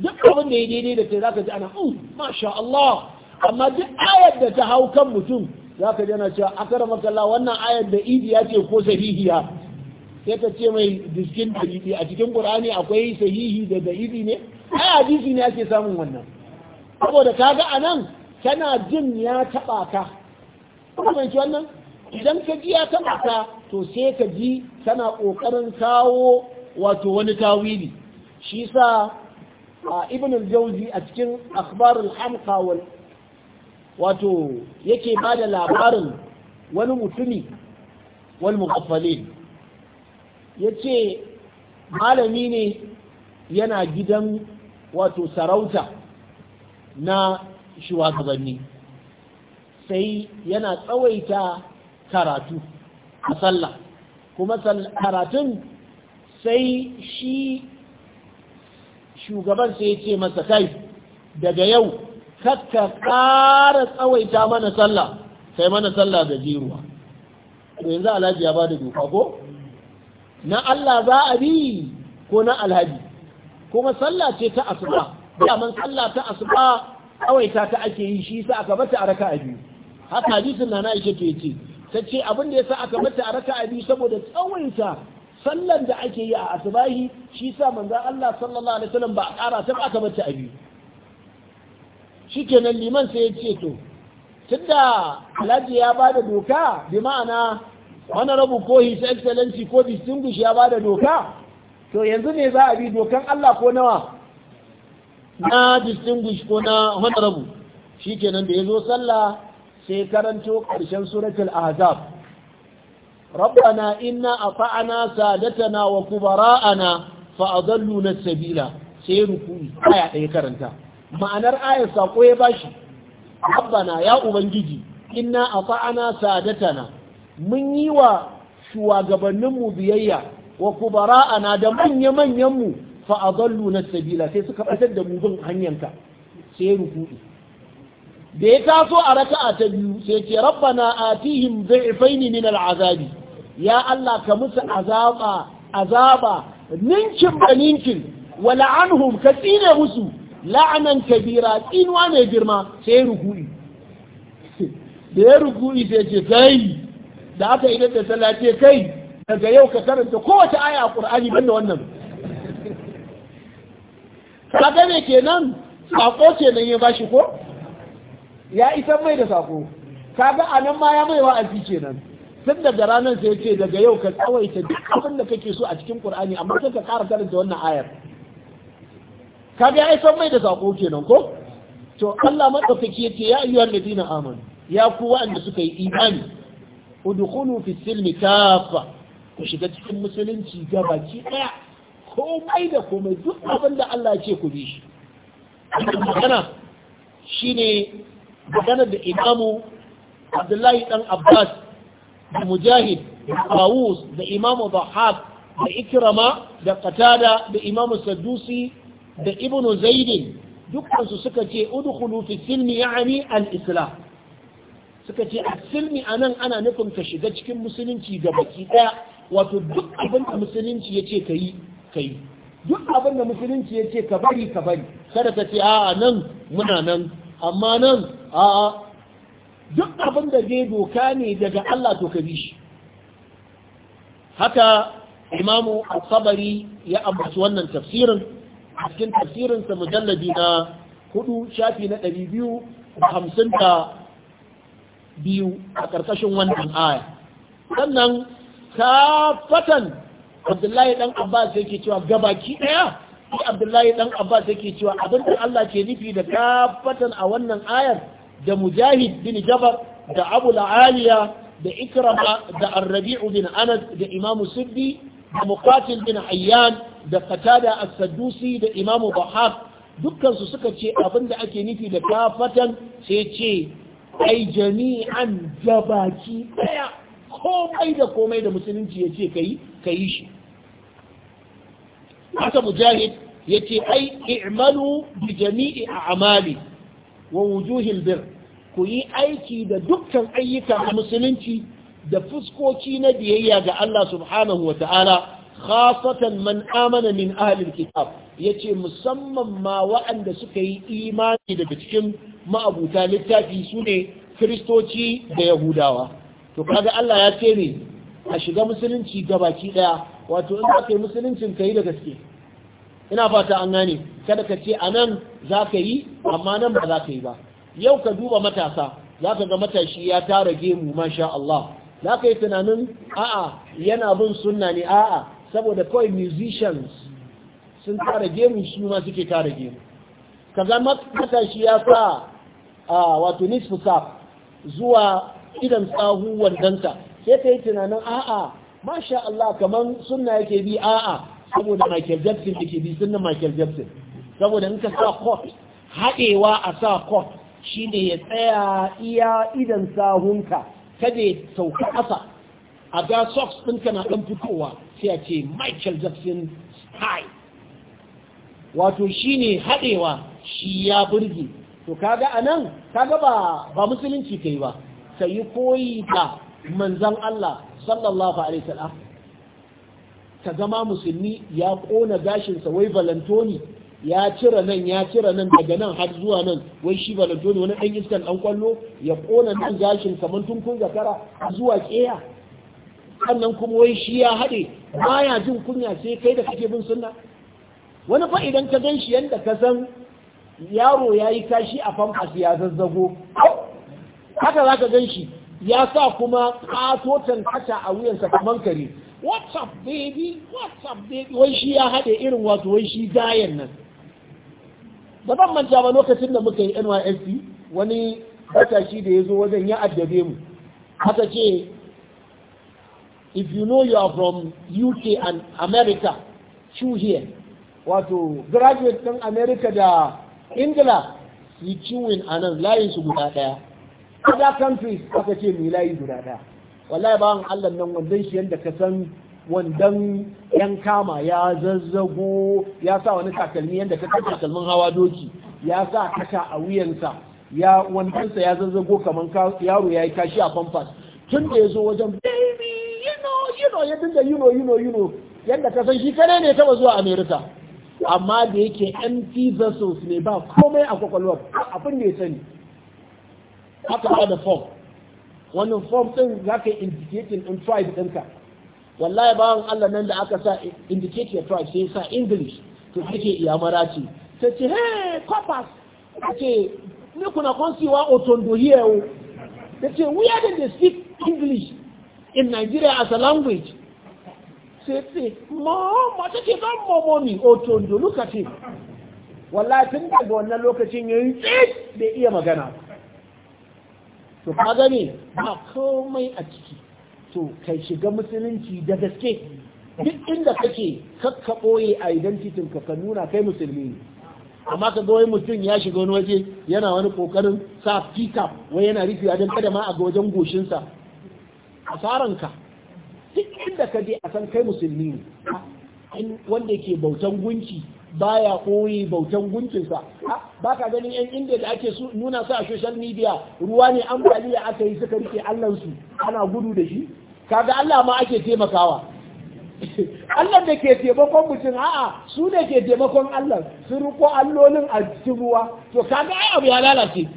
duk abin da ya daidai da za zaka ji ana uh masha Allah amma duk ayar da ta hau kan mutum zaka ji ana cewa akramaka makalla wannan ayar da ya ce ko sahihiya sai ka ce mai diskin idi a cikin Qur'ani akwai sahihi da idi ne ai hadisi ne ake samun wannan saboda kaga anan kana jin ya taba ka kuma wannan idan ka ji ya taba ka to sai ka ji kana kokarin kawo wato wani tawili shi sa ibn al-jawzi a cikin akhbar al-hamqa wal wato yake bada labarin wani mutumi wal mughaffalin yace malami ne yana gidan wato sarauta na shugabanni sai yana tsawaita karatu a sallah kuma karatun sai shi shugaban sai ce masa kai daga yau kakka ƙara tsawaita mana sallah sai mana sallah da to yanzu alhaji ya bada doka ko na Allah za a bi ko na alhaji kuma sallah ce ta asuba daman sallah ta asuba tsawaita ta ake yi shi sa aka bata a raka'a haka hadisin na na ishe ce ta ce abin da ya sa aka bata a bi biyu saboda tsawaita sallan da ake yi a asbahi shi sa manzan Allah sallallahu alaihi wasallam ba a ƙara ta ba bata a biyu shikenan liman sai ya ce to tunda Alhaji ya bada doka bi ma'ana wani rabu ko his excellency ko distinguish ya bada doka to yanzu ne za a bi dokan Allah ko nawa na distinguish ko na honorable shikenan da ya zo sallah sai karanto ƙarshen suratul ahzab rabbana inna ata'ana sadatana wa kubara'ana fa adalluna sabila sai ruku'i aya ɗaya karanta ma'anar ayar sako ya bashi rabbana ya ubangiji inna ata'ana sadatana mun yi wa shugabanninmu biyayya wa kubara'ana da manya-manyanmu fa sai suka batar da sai da ya taso a raka'a ta biyu sai ce rabbana atihim dhi'faini min al'azabi ya Allah ka musu azaba azaba ninkin ba ninkin wala anhum ka tsine musu la'anan kabira tsinuwa mai girma sai ruku'i da ya ruku'i sai ce kai da aka idan da salace kai daga yau ka karanta kowace aya a Qur'ani banda wannan kaga me kenan sako ce ya bashi ko ya isan mai da sako kaga anan ma ya mai wa'azi kenan tun daga ranar sai ce daga yau ka tsawaita duk abin da kake so a cikin Qur'ani amma sai ka ƙara karanta wannan ayar Ka ai san mai da sako kenan ko to Allah madaukaki yace ya ayyuhal ladina amanu ya ku wa'anda suka yi imani udkhulu fi silmi kafa ku shiga cikin musulunci ga baki daya komai da komai duk abin da Allah ya ce ku bi shi magana shine magana da imamu Abdullahi dan Abbas da mujahid da kawus da imamu bahab da ikrama da qatada da imamu sadusi da ibnu zaidin dukkansu suka ce udkhulu fi silmi ya'ni al-islam suka ce silmi anan ana nufin ka shiga cikin musulunci ga baki daya wato duk abin da musulunci yace kai kai duk abin da musulunci yace ka bari ka bari kada ka ce a'a nan muna nan amma nan a'a duk abin da zai doka ne daga Allah to ka bi shi haka imamu al-sabari ya ambaci wannan tafsirin a cikin sa mujalladi na hudu shafi na ɗari biyu da hamsin da biyu a ƙarƙashin wannan aya sannan kafatan abdullahi dan abbas yake cewa gabaki ɗaya abdullahi dan abbas yake cewa abin da Allah ke nufi da kafatan a wannan ayar da mujahid bin jabar da abu la'aliya da ikrama da arrabi'u bin anas da imamu suddi da muqatil bin hayyan da qatada as-saddusi da imamu bahab dukkan su suka ce abinda ake nufi da kafatan sai ce ai jami'an gabaki daya komai da komai da musulunci ya ce kai kai shi haka mujahid yace ai i'malu bi jami'i a'mali wa wujuhin bir ku yi aiki da dukkan ayyukan musulunci da fuskoki na biyayya ga Allah subhanahu wa ta'ala khasatan man amana min ahlil kitab yace musamman ma waɗanda suka yi imani daga cikin ma'abuta littafi su ne kristoci da yahudawa to kaga Allah ya ce ne a shiga musulunci gabaki daya wato in ka kai musuluncin yi da gaske ina fata an gane kada ka ce a nan za ka yi amma nan ba za ka yi ba yau ka duba matasa za ka ga matashi ya tara gemu masha Allah za ka yi tunanin a'a yana bin sunna ne a'a saboda kawai musicians sun tara gemu su ma suke tara gemu ka ga matashi ya sa a wato nisfu zuwa idan tsahu wandanta sai ka yi tunanin a'a masha Allah kamar sunna yake bi a'a saboda Michael Jackson yake bi sunna Michael Jackson saboda in sa court haɗewa a sa court shine ya tsaya iya idan sahunka kada ya sauka ƙasa a ga socks ɗinka na ɗan fitowa sai a ce michael jackson style wato shine haɗewa shi ya burge to kaga a nan kaga ba ba musulunci yi ba Ka yi koyi da manzan Allah sallallahu alaihi wasallam ka zama musulmi ya ƙona gashinsa wai valentoni ya cire nan ya cire nan daga nan har zuwa nan wai shi balanto ne wani ɗan iskan ɗan kwallo ya ƙona nan gashin kamar tunkun zakara zuwa ƙeya sannan kuma wai shi ya haɗe baya jin kunya sai kai da kake bin sunna wani fa idan ka gan shi yadda ka san yaro ya yi kashi a famfas ya zazzago haka za ka gan shi ya sa kuma ƙatotan kata a wuyansa kamar kare what's up baby what's up baby wai shi ya haɗe irin wato wai shi gayan nan ba zan manta ba lokacin da muka yi NYSC wani matashi da ya zo wajen ya addabe mu aka ce if you know you are from UK and America chew here wato graduate ɗin America da Ingila su ciwon a nan layin su guda ɗaya other countries aka ce mai layi guda ɗaya wallahi bawan Allah nan wanda shi yadda ka san wandan yan kama ya zazzago ya sa wani takalmi yadda ka takalmin hawa doki ya sa kasha a wuyansa ya wandansa ya zazzago kamar yaro ya yi kashi a famfas tun da ya zo wajen baby you know ya dinga you know yadda ka san shi kane ne taba zuwa america amma da yake empty vessels ne ba komai a kwakwalwa abin da ya sani haka ba da form wannan form din za ka yi indicating in tribe ɗinka wallahi bawan Allah nan da aka sa indicate your tribe sai sa English to take iya ce ta ce hey coppers ta ce ni kuna konsiwa otondo here o ta ce we are they speak English in Nigeria as a language sai ce ma ta ce don momo ni otondo look at him wallahi tun daga wannan lokacin yi tsit bai iya magana to ka gani ba komai a ciki to kai shiga musulunci da gaske duk inda kake kakka ɓoye a identitin ka nuna kai musulmi ne amma ka wani mutum ya shiga wani waje yana wani kokarin sa pickup wai yana rufewa don kada ma a ga wajen goshinsa asaranka duk inda ka je a san kai musulmi ne in wanda ke bautan gunki baya koyi bautan gunkinsa ba ka ganin yan inda da ake nuna sa a social media ruwa ne ambaliya aka yi suka rike allansu ana gudu da shi kaga Allah ma ake taimakawa Allah da ke taimakon mutum a'a su da ke taimakon Allah sun riko allolin a ruwa to kaga ai abu ya lalace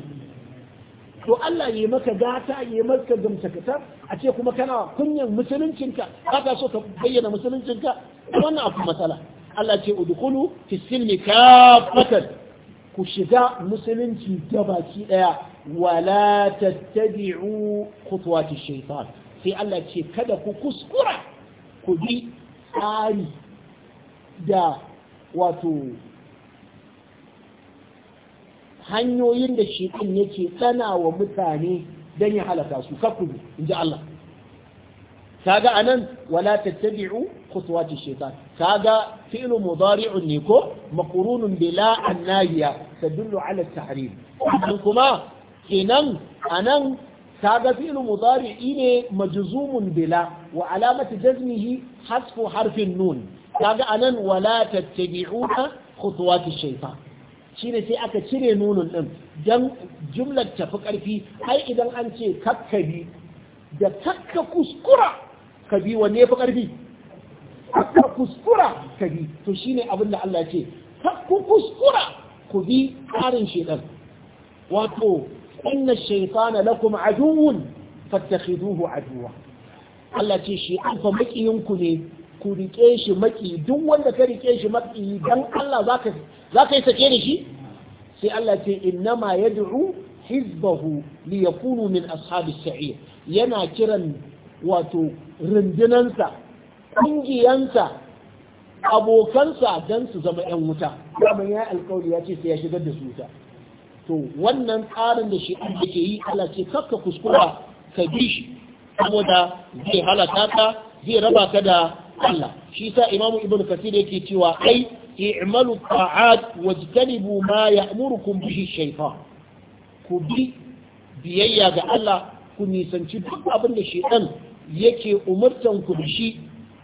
to Allah ya maka gata ya maka gamsakata a ce kuma kana kunyan musuluncinka ba ka so ka bayyana musuluncinka wannan abu matsala Allah ce udkhulu fi silmi kafatan ku shiga musulunci ta baki daya wala tattabi'u khutuwati shaytan sai Allah ce kada ku kuskura ku bi tsari da wato hanyoyin da shekin yake tsana wa mutane don ya halaka su kakku in ji Allah kaga anan wala tattabi'u khutuwati shaytan kaga fi'lu mudari'un ne ko maqrunun bila annahiya tadullu ala at kuma kenan anan kaga fi'il mudari'i ne majzumun bila wa alamati jazmihi hasfu harfin nun kaga anan wala tattabi'una khutuwati shaytan shine sai aka cire nunun din dan jumlar tafi karfi ai idan an ce kakkabi da takka kuskura kabi wanne fi karfi takka kuskura kabi to shine abin da Allah ya ce takku kuskura ku bi tsarin shedan wato inna shaytana lakum aduwwun fattakhiduhu aduwwa Allah ce shi alfa makiyinku ne ku riƙe shi maƙi. duk wanda ka rike shi maƙi don Allah za ka yi sake da shi sai Allah ce innama yad'u hizbahu li yakunu min ashabi sa'ir yana kiran wato rundunansa ƙungiyansa abokansa don su zama 'yan wuta. Kamar ya alkawari ya ce sai ya shigar da su wuta. to wannan tsarin da shi an yake yi Allah ce kakka kuskura ka bi shi saboda zai halaka ka zai raba ka da Allah shi sa imamu ibnu kasir yake cewa ai i'malu ta'at wajtanibu ma ya'murukum bihi shaytan ku bi biyayya ga Allah ku nisanci duk abin da shaytan yake umurtan ku da shi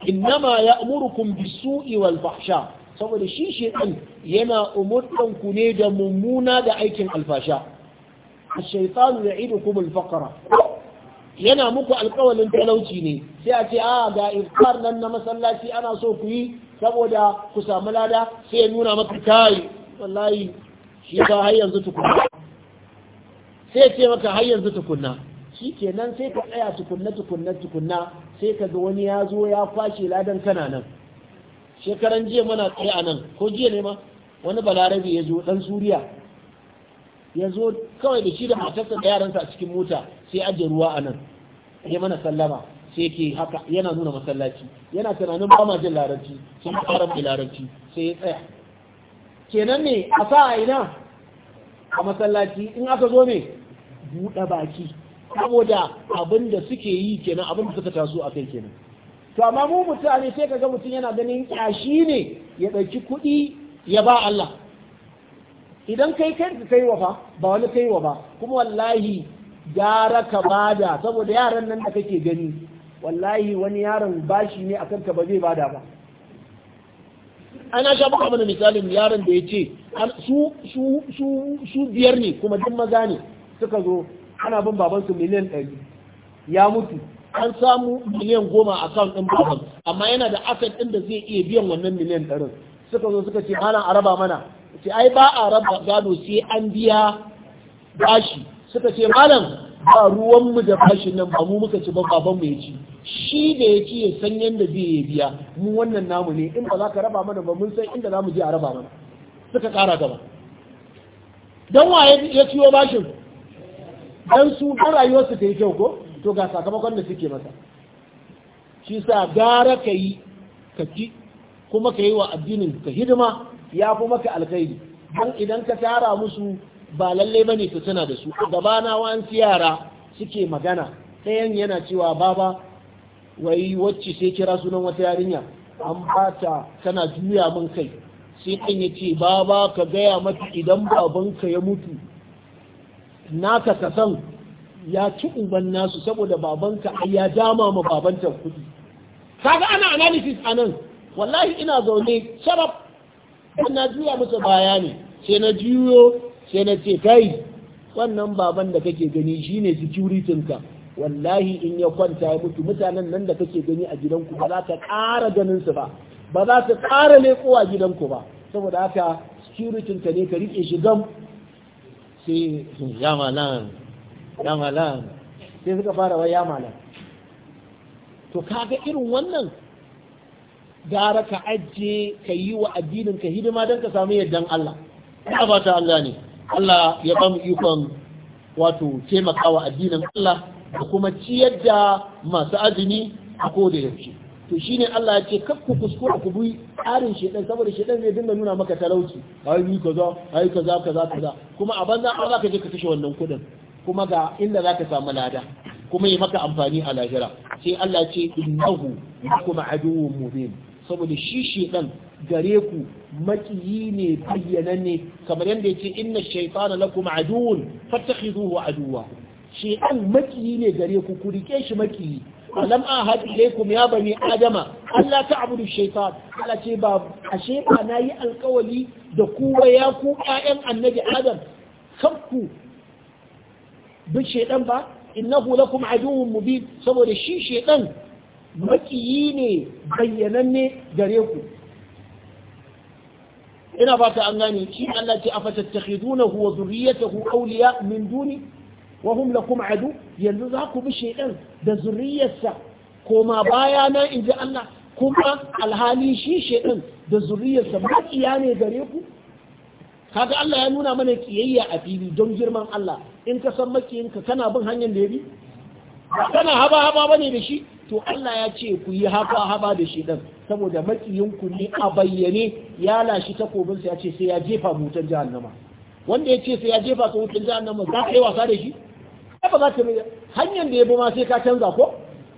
innama ya'murukum bisu'i wal fahsha' saboda shi shaitan yana umurtan ku ne da mummuna da aikin alfasha ash da ido kuma faqra yana muku alƙawalin talauci ne sai a ce a ga iftar nan na masallaci ana so ku yi saboda ku samu lada sai ya nuna maka kai wallahi shi ka har yanzu tukunna sai ya ce maka har yanzu tukunna shi kenan sai ka tsaya tukunna tukunna tukunna sai ka ga wani ya zo ya kwashe ladan kana nan shekaran jiya mana tsaye a nan ko jiya ne ma wani balarabe ya zo dan suriya ya zo kawai da shi da matarsa da yaransa a cikin mota sai ajiye ruwa a nan ya mana sallama sai ke haka yana nuna masallaci yana tunanin ba ma jin larabci sai ya fara mai larabci sai ya tsaya kenan ne a sa a ina a masallaci in aka zo ne buɗe baki saboda abin da suke yi kenan abin da suka taso a kai kenan to amma mu mutane sai kaga mutum yana ganin kyashi ne ya ɗauki kuɗi ya ba Allah idan kai kai ka kai wa fa ba wani kai wa ba kuma wallahi gara ka bada saboda yaran nan da kake gani wallahi wani yaron bashi ne akan ka ba zai bada ba ana sha mana misalin yaron da ya ce su biyar ne kuma duk maza ne suka zo ana bin babansu miliyan ɗari ya mutu an samu miliyan goma a kan ɗin baban amma yana da asad ɗin da zai iya biyan wannan miliyan ɗarin suka zo suka ce ana a raba mana ce ai ba a raba gado sai an biya bashi suka ce malam ba ruwanmu da bashin nan ba mu muka ci ba baban mu ya ci shi da ya ci ya san yadda zai ya biya mu wannan namu ne in ba za ka raba mana ba mun san inda za mu je a raba mana suka ƙara gaba don waye ya ciwo bashin don su ɗan rayuwarsu ta yi kyau ko to ga sakamakon da suke masa shi sa gara ka yi ka ci kuma ka yi wa addinin ka hidima ya fi maka alkhairi don idan ka tara musu ba lalle ba ne ka tana da su gabana wa'ansu yara suke magana ɗayan yana cewa baba wai wacce sai kira sunan wata yarinya an bata tana juya min kai sai ɗan ya ce baba ka gaya mata idan babanka ya mutu naka ka san ya ci uban nasu saboda babanka ya dama ma babanta kuɗi kaga ana analysis anan wallahi ina zaune sharaf na juya musu baya ne sai na juyo sai na ce kai wannan baban da kake gani shine security ka wallahi in ya kwanta ya mutu mutanen nan da kake gani a gidanku ba za ta ƙara ganin su ba ba za ta ƙara a gidanku ba saboda haka security ka ne ka rike shi gam sai nan. ya malam sai suka fara wai ya malam to kaga irin wannan gara ka ajiye ka yi wa addinin ka hidima don ka samu yardan Allah ina fata Allah ne Allah ya ba mu ikon wato taimakawa addinin Allah da kuma ciyar da masu azumi a koda yaushe to shine Allah ya ce kar ku kuskura ku bi tsarin shedan saboda shedan zai dinga nuna maka talauci ai ni kaza ai kaza kaza kaza kuma a banza an zaka je ka kashe wannan kudin kuma ga inda za ka samu lada kuma yi maka amfani a lahira sai Allah ce innahu kuma aduwwun mubin saboda shi shedan gare ku makiyi ne bayyananne kamar yadda yace inna shaytana lakum aduwwun fattakhiduhu aduwwa shedan makiyi ne gare ku ku rike shi makiyi alam ahad ilaykum ya bani adama Allah ta'budu shaytan Allah ce ba ashe ba yi alkawali da ku ya ku ƴaƴan annabi adam kanku bin shaidan ba innahu lakum aduwwun mubin saboda shi shaidan makiyi ne bayyananne gare ku ina ba ta an gane shi Allah ce afatattakhidunahu wa dhurriyyatahu awliya min duni wa hum lakum adu yanzu za ku bi shaidan da zuriyarsa koma baya na inji Allah kuma alhali shi shaidan da zuriyarsa makiya ne gare ku kaga Allah ya nuna mana kiyayya a fili don girman Allah in ka san makiyinka kana bin hanyar da ya bi kana haba haba bane da shi to Allah ya ce ku yi haba haba da shi dan saboda makiyinku ne a bayyane ya lashi takobin sa ya ce sai ya jefa mutan jahannama wanda ya ce sai ya jefa ka mutan jahannama za ka yi wasa da shi ai ba za ka hanyar da ya bi ma sai ka canza ko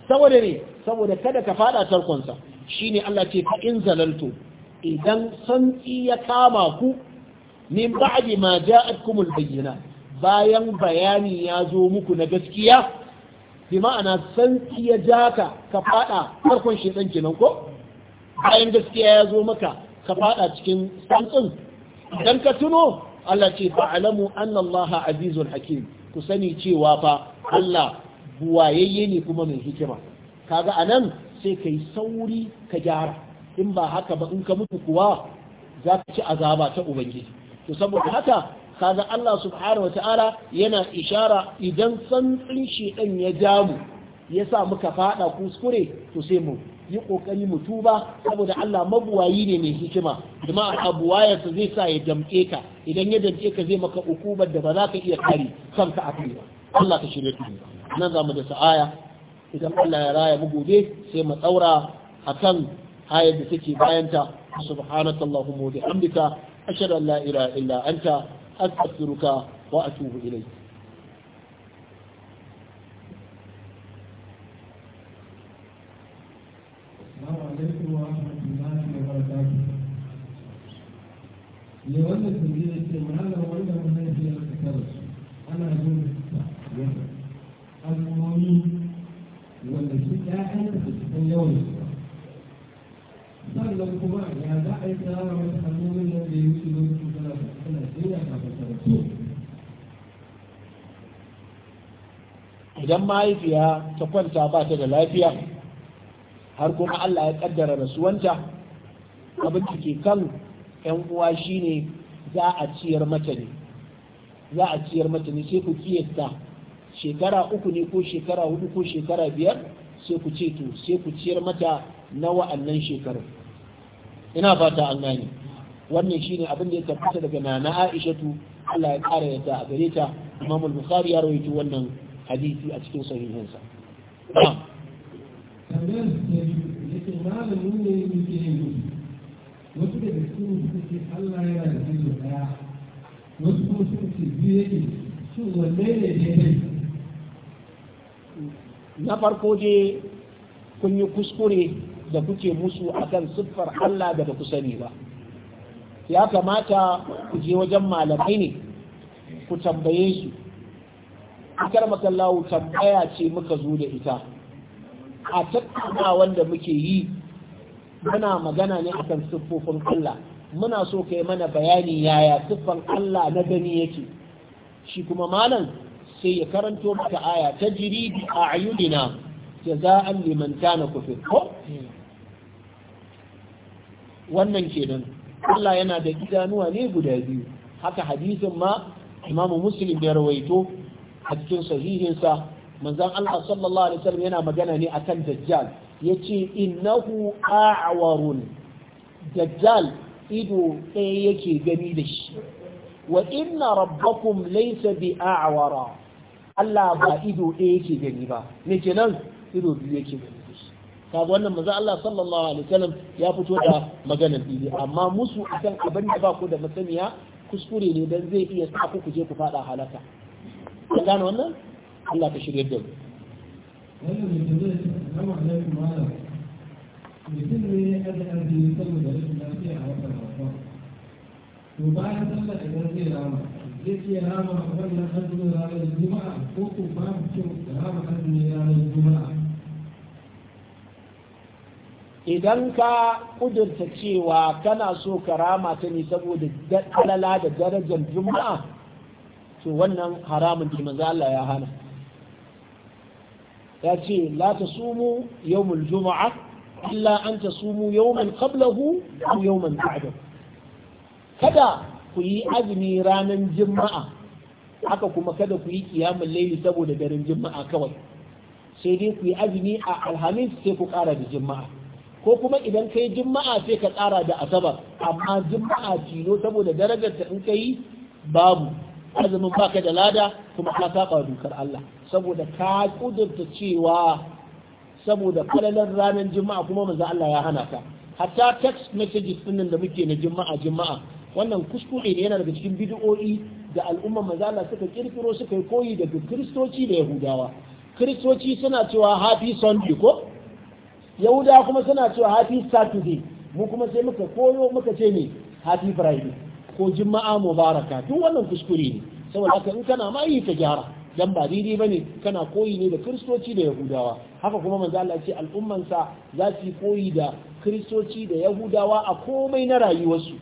saboda ne saboda kada ka fada tarkonsa shine Allah ce fa in zalaltu idan santsi ya kama ku min ba'di ma ja'atkum al bayan bayani ya zo muku na gaskiya bi ma'ana san ya jaka ka fada farkon shedan kenan ko bayan gaskiya ya zo maka ka fada cikin tsantsin idan ka tuno Allah ce fa'alamu anna Allah azizun hakim ku sani cewa fa Allah buwayayye ne kuma mai hikima kaga anan sai kai sauri ka gyara in ba haka ba in ka mutu kuwa za ka ci azaba ta ubangiji to saboda haka kaga Allah subhanahu ta'ala yana ishara idan tsantsin shedan ya damu ya sa muka fada kuskure to sai mu yi kokari mu tuba saboda Allah mabuwayi ne mai hikima kuma abuwayarsa zai sa ya damke ka idan ya damke ka zai maka ukubar da ba za ka iya kare kanka a kai ba Allah ka shirye ki nan zamu da sa'aya idan Allah ya raya mu gobe sai mu tsaura akan ayar da take bayanta subhanakallahumma wa bihamdika أشهد أن لا إله إلا أنت أستغفرك وأتوب إليك لأن التنزيل السمعان وإذا من في الكتاب أنا أقول المؤمن والذي لا اليوم sannan kuma ya za a yi tsara wata hannunin da ya wuce lokacin da, tana tsira kafin karatu idan mahaifiya ta kwanta ba ta da lafiya har kuma Allah ya kaddara rasuwanta abin da ke kan yan uwa shine za a ciyar mata ne za a ciyar mata ne sai ku kiyasta shekara uku ne ko shekara hudu ko shekara biyar sai ku ce to sai ku ciyar mata na wa'annan shekarun ina fata an gane wannan shine abin da ya tabbata daga nana Aishatu Allah ya kare yadda a gare ta Imam al-Bukhari ya rawaito wannan hadisi a cikin sahihinsa wasu na farko je kun yi kuskure da kuke musu akan siffar Allah da ku sani ba ya kamata ku je wajen malamai ne ku tambaye su akar makallahu tambaya ce muka zo da ita a tattauna wanda muke yi muna magana ne akan siffofin Allah muna so kai mana bayani yaya siffan Allah na gani yake shi kuma malam sai ya karanto maka aya ta jiri a ayunina jaza'an liman kana kufir ko wannan kenan Allah yana da idanuwa ne guda biyu haka hadisin ma Imam muslim ya rawaito a cikin sahihinsa manzon Allah sallallahu alaihi wasallam yana magana ne akan dajjal yace innahu a'warun dajjal ido ɗaya yake gani da shi wa inna rabbakum laysa bi a'wara Allah ba ido ɗaya yake gani ba ne kenan ido biyu yake gani ka wannan manzo Allah sallallahu alaihi wasallam ya fito da maganar fili amma musu a akan abin da ba ku da masaniya kuskure ne dan zai iya sa ku je ku fada halaka ka gane wannan Allah ka shirye da mutum ne ya kada arziki saboda rashin lafiya a watan rafa to bayan sallar idan zai rama zai ce rama a wannan azumin ranar juma'a ko ko mu kyau da rama azumin ranar juma'a idan ka kudurta cewa kana so ka ta ne saboda alala da darajar juma'a to wannan haramun ne manzo Allah ya hana ya ce la ta sumu, yawmul juma'a illa an ta tasumu yawman qablahu yau yawman ba'dahu kada ku yi azumi ranar juma'a haka kuma kada ku yi kiyamun laili saboda garin juma'a kawai sai dai ku yi azumi a alhamis sai ku kara da juma'a ko kuma idan ka yi juma'a sai ka tsara da asabar amma juma'a tilo saboda darajar ta in ka yi babu azumin baka da lada kuma ka saba dokar Allah saboda ka kudurta cewa saboda falalar ranar juma'a kuma manzo Allah ya hana ka hatta text messages din da muke na juma'a juma'a wannan kuskure ne yana daga cikin bid'o'i da al'umma manzo Allah suka kirkiro suka yi koyi daga kristoci da yahudawa kristoci suna cewa happy sunday ko yahuda kuma suna cewa happy saturday mu kuma sai muka koyo muka ce ne happy friday ko juma'a mubaraka duk wannan kuskure ne saboda haka in kana ma yi ka gyara dan ba daidai bane kana koyi ne da kristoci da yahudawa haka kuma manzo Allah ce al'umman sa za su koyi da kristoci da yahudawa a komai na rayuwarsu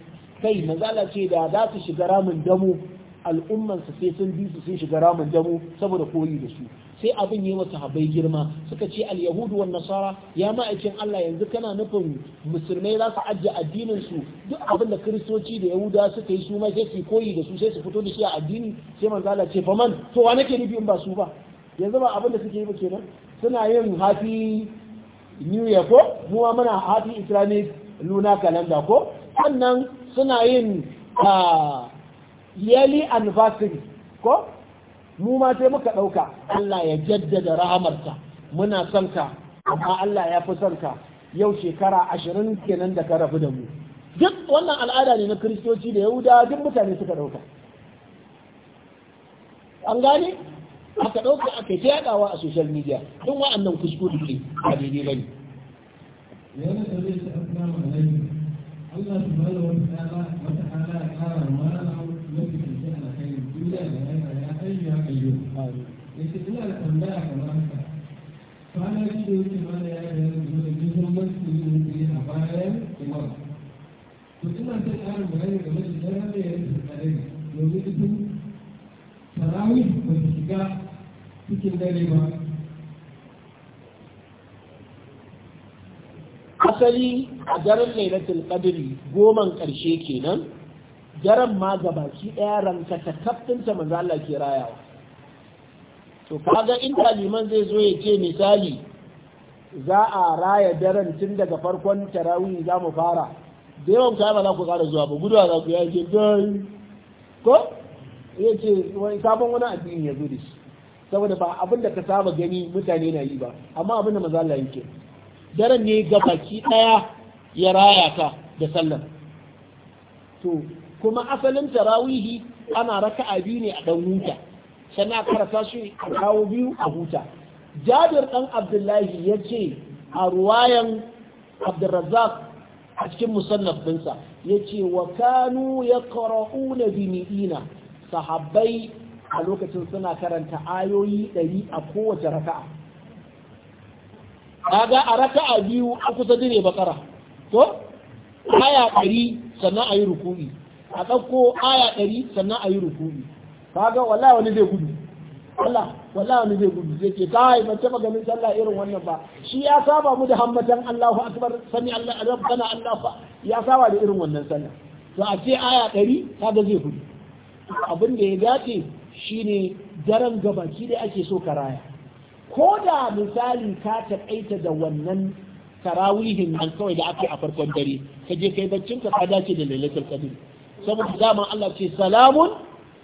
kai manzo Allah ce da za su shiga ramin damu al'umman sa sai sun bi su sun shiga ramin damu saboda koyi da su sai abin yi masa habai girma suka ce al-yahudu nasara ya ma'aikin Allah yanzu kana nufin musulmai za su ajiye addinin su duk abin da kristoci da yahuda suka yi su ma sai su koyi da su sai su fito da shi a addini sai manzo Allah ce faman to wa nake nufi in ba su ba yanzu ba abin da suke yi ba kenan suna yin happy new year ko mu ma muna happy islamic lunar calendar ko sannan suna yin ah, yearly anniversary ko mu ma sai muka ɗauka Allah ya jaddada rahamarsa muna son ka amma Allah ya fi son ka yau shekara ashirin kenan da ka rabu da mu duk wannan al'ada ne na kiristoci da yahuda duk mutane suka ɗauka an gane aka ɗauka aka yi yaɗawa a social media don wa'annan kuskure ne a daidai bane Allah subhanahu wa ta'ala wa ta'ala ya kara mana lafiya da alkhairi duniya da hayyu ya qayyu ina da tambaya kamar haka kwana shi da ya da a bayan imam to ina ta ƙarin bayani game da ya yi tsare domin ita ba ta shiga cikin dare ba asali a daren lailatul qadri goman ƙarshe kenan jaran ma gabaki ɗaya ranka ta kaftinta manzo Allah ke rayawa to kaga in liman zai zo ya ce misali za a raya daren tun daga farkon tarawih za mu fara da yawan kayan ba za ku ƙara zuwa ba guduwa za ku ce dai ko ya ce wani sabon wani addini ya zo da shi saboda ba abin da ka saba gani mutane na yi ba amma abin da maza Allah yake daren ne gabaki ɗaya ya raya ka da sallar to kuma asalin tarawihi ana raka'a biyu ne a ɗan huta sannan a karanta shi a kawo biyu a huta jabir ɗan abdullahi ya ce a ruwayan abdurrazzaq a cikin musannaf ɗinsa ya ce wa kanu ya ƙara'una bini'ina sahabbai a lokacin suna karanta ayoyi ɗari a kowace raka'a kaga a raka'a biyu a kusa dire bakara to aya ɗari sannan a yi rukuni a ɗauko aya ɗari sannan a yi rukuni kaga wallahi wani zai gudu Allah wallahi wani zai gudu zai ce ta ban taɓa maganin sallah irin wannan ba shi ya saba mu da hammatan Allahu akbar sami Allah kana Allah fa ya saba da irin wannan sallah to a ce aya ɗari kaga zai gudu abin da ya dace shine daren gabaki da ake so karaya ko da misali ka taƙaita da wannan tarawihin nan kawai da aka a farkon dare ka je kai baccin ka dace da lailatul qadr saboda dama Allah ce salamun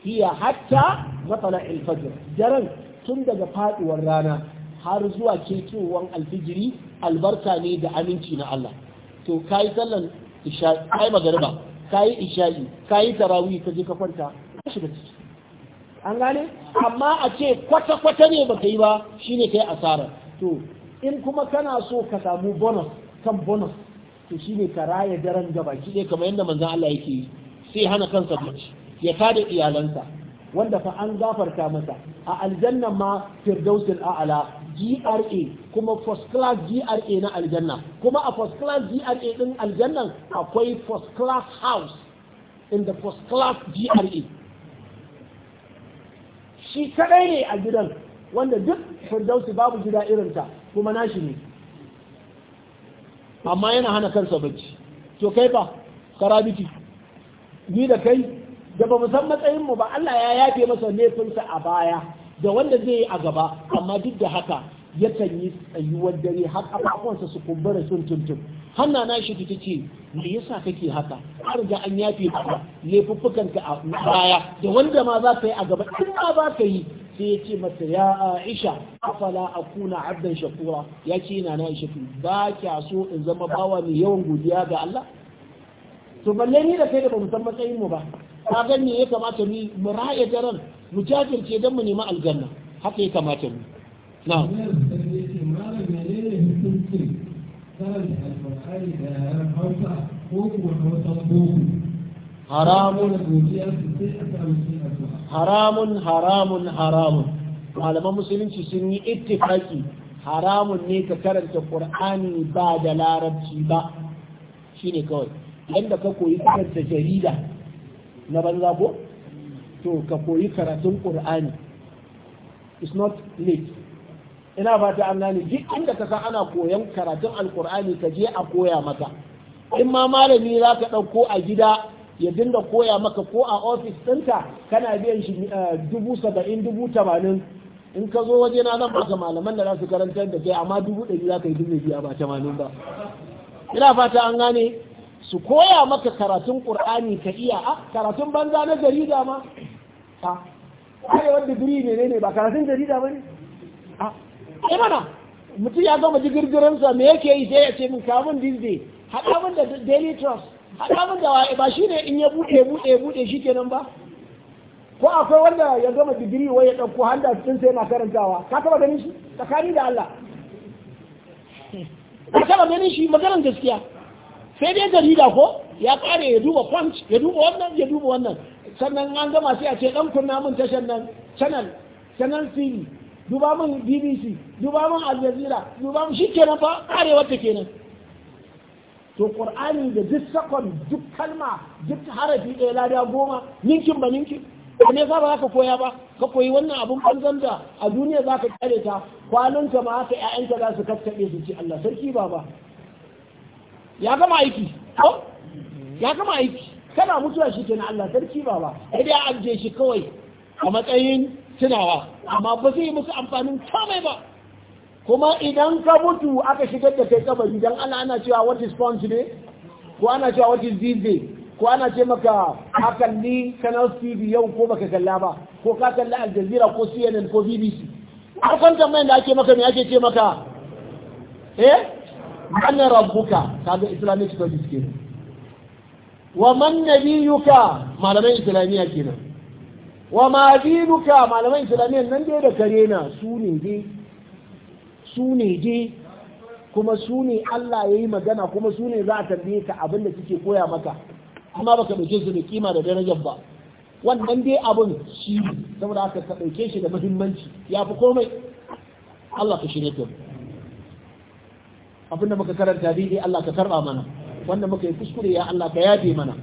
hiya hatta matsala alfajir daren tun daga faduwar rana har zuwa kirkirwan alfijiri albarka ne da aminci na Allah to kayi sallan isha'i kai magariba kayi isha'i kayi tarawih ka je ka kwanta ka shiga ciki an gane amma a ce kwata-kwata ne baka yi ba shine kai asara to in kuma kana so ka samu bonus kan bonus to shine ka raya daren gaba ki ne kamar yadda manzon Allah yake yi sai hana kansa bacci ya kada iyalansa wanda fa an gafarta masa a aljanna ma firdausin a'ala GRA kuma first class GRA na aljanna kuma a first class GRA din aljannan akwai first class house in the first class GRA shi kadai ne a gidan wanda duk firdausi babu gida irinta kuma nashi ne amma yana hana kansa bacci to kai fa karabiti ni da kai da ba mu san matsayin mu ba Allah ya yafe masa laifinsa a baya da wanda zai yi a gaba amma duk da haka yakan yi tsayuwar dare har kafafuwansa su kumbura sun tuntun hanna na shi ta ce me yasa kake haka har da an yafe maka fuffukan ka a baya da wanda ma za ka yi a gaba in ma za ka yi sai ya ce ya'isha ya Aisha afala akuna abdan shakura ya ce ina na Aisha ba kya so in zama bawa mai yawan godiya ga Allah to balle ni da kai da bamu san matsayin mu ba ka gan ne ya kamata ni mu ra'ayi daren mu jajirce dan mu nemi aljanna haka ya kamata mu na'am haramun haramun haramun haramun malaman musulunci sun yi ittifaki haramun ne ka karanta qur'ani ba da larabci ba shine kawai yadda ka koyi da jarida na banza ko to ka koyi karatun qur'ani it's not late ina fata an gane duk inda ka san ana koyan karatun alqur'ani ka je a koya maka in ma malami za ka ɗauko a gida ya dinga koya maka ko a ofis ɗinka kana biyan shi eh, dubu saba'in dubu tamanin in ka zo waje na zan baka malaman da za su karantar da kai amma dubu ɗari za ka yi dubu biya ba tamanin ba ina fata an gane su koya maka karatun ƙur'ani ka iya a ah, karatun banza na jarida ma a arewar digiri ne ne ba karatun jarida ba ne a ah, ai eh, mana mutum ya gama jigirgiransa me yake yi sai ya ce min kamun disney haɗa min da daily trust haɗa min da waye ba shi ne in ya buɗe buɗe buɗe shi kenan ba ko akwai wanda ya gama digiri wai ya ɗauko handa cikin sai na karantawa ka taɓa ganin shi tsakani da Allah ka taɓa ganin shi maganar gaskiya sai dai jarida ko ya kare ya duba punch ya duba wannan ya duba wannan sannan an gama sai a ce dan kunna mun tashar nan channel channel TV duba mun BBC duba mun Al Jazeera duba mun shikenan fa karewar ta kenan to qur'ani da duk sakon duk kalma duk harafi ɗaya lada goma ninkin ba ninkin ba ne za ba ka koya ba ka koyi wannan abun banzan da a duniya za ka kare ta kwanonta ma haka 'ya'yanta za su kattabe su ci Allah sarki baba ya gama aiki ko ya gama aiki kana mutuwa shi kenan Allah sarki ba ba sai dai an je shi kawai a matsayin tunawa amma ba zai yi musu amfanin komai ba kuma idan ka mutu aka shigar da kai kabari dan Allah ana cewa what is ne ko ana cewa what is day ko ana ce maka ka kalli TV yau ko baka kalla ba ko ka kalli Al Jazeera ko CNN ko BBC har kan mai da ake maka me ake ce maka eh man rabbuka kaga islamic studies kenan wa man nabiyuka malaman islamiyya kenan wa ma dinuka malaman islamiyya nan dai da kare na su ne dai su ne dai kuma su ne Allah ya yi magana kuma su ne za a tambaye ka abin da suke koya maka amma baka ɗauke su da kima da darajar ba wannan dai abin shi saboda haka ka dauke shi da muhimmanci ya fi komai Allah ka shirya ta da muka karanta daidai Allah ka karba mana wanda muka yi kuskure ya Allah ka yafe mana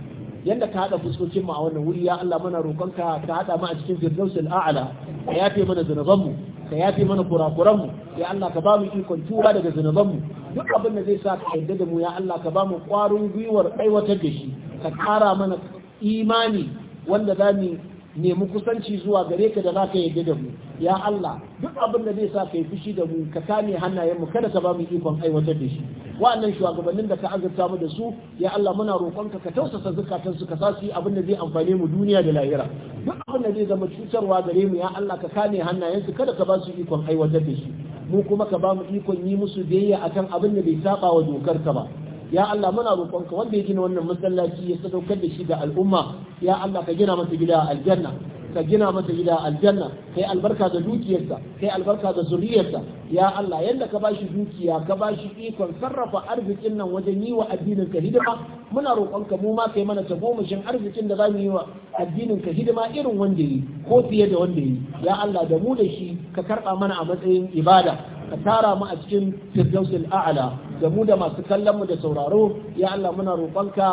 yanda ka hada fuskocin mu a wannan wuri ya Allah mana roƙonka ka hada mu a cikin firdausul a'la ka yafe mana zunuban mu ka yafe mana kurakuran mu ya Allah ka ba mu ikon tura daga zunuban mu duk abin da zai sa ka yarda da mu ya Allah ka ba mu ƙwarin gwiwar aiwatar da shi ka ƙara mana imani wanda za mu nemi kusanci zuwa gare ka da za ka yarda da mu ya Allah duk abin da zai sa kai fushi da mu ka kame hannayen mu kada ka ba mu ikon aiwatar da shi wa'annan shugabannin da ka azurta mu da su ya Allah muna roƙonka ka tausasa zakatan su ka sa su yi abin da zai amfane mu duniya da lahira duk abin da zai zama cutarwa gare mu ya Allah ka kame hannayen su kada ka ba su ikon aiwatar da shi mu kuma ka ba mu ikon yi musu biyayya akan abin da bai saba wa dokar ka ba ya Allah muna roƙonka wanda ya gina wannan masallaci ya sadaukar da shi ga al'umma ya Allah ka gina masa gida aljanna ka gina mata gida aljanna kai albarka da dukiyarsa kai albarka da zuriyarsa ya Allah yadda ka bashi dukiya ka bashi ikon sarrafa arzikin nan wajen yi wa addinin ka hidima muna roƙon ka mu ma kai mana tagomashin arzikin da zamu yi wa addinin ka hidima irin wanda yi ko fiye da wanda yi ya Allah da mu da shi ka karɓa mana a matsayin ibada ka tara mu a cikin firdausul a'la da mu da masu kallon mu da sauraro ya Allah muna roƙonka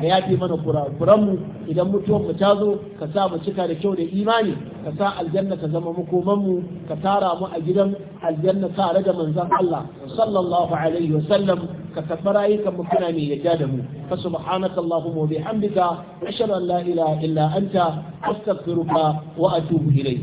da yafi mana kurakuran mu idan mutuwar mu ta zo ka sa mu cika da kyau da imani ka sa aljanna ta zama makoman mu ka tara mu a gidan aljanna tare da manzon Allah sallallahu alaihi wa sallam ka karɓi rayukan mu kuna mai yadda da mu fa subhanaka allahumma wa bihamdika ashhadu an la ilaha illa anta astaghfiruka wa atubu ilayk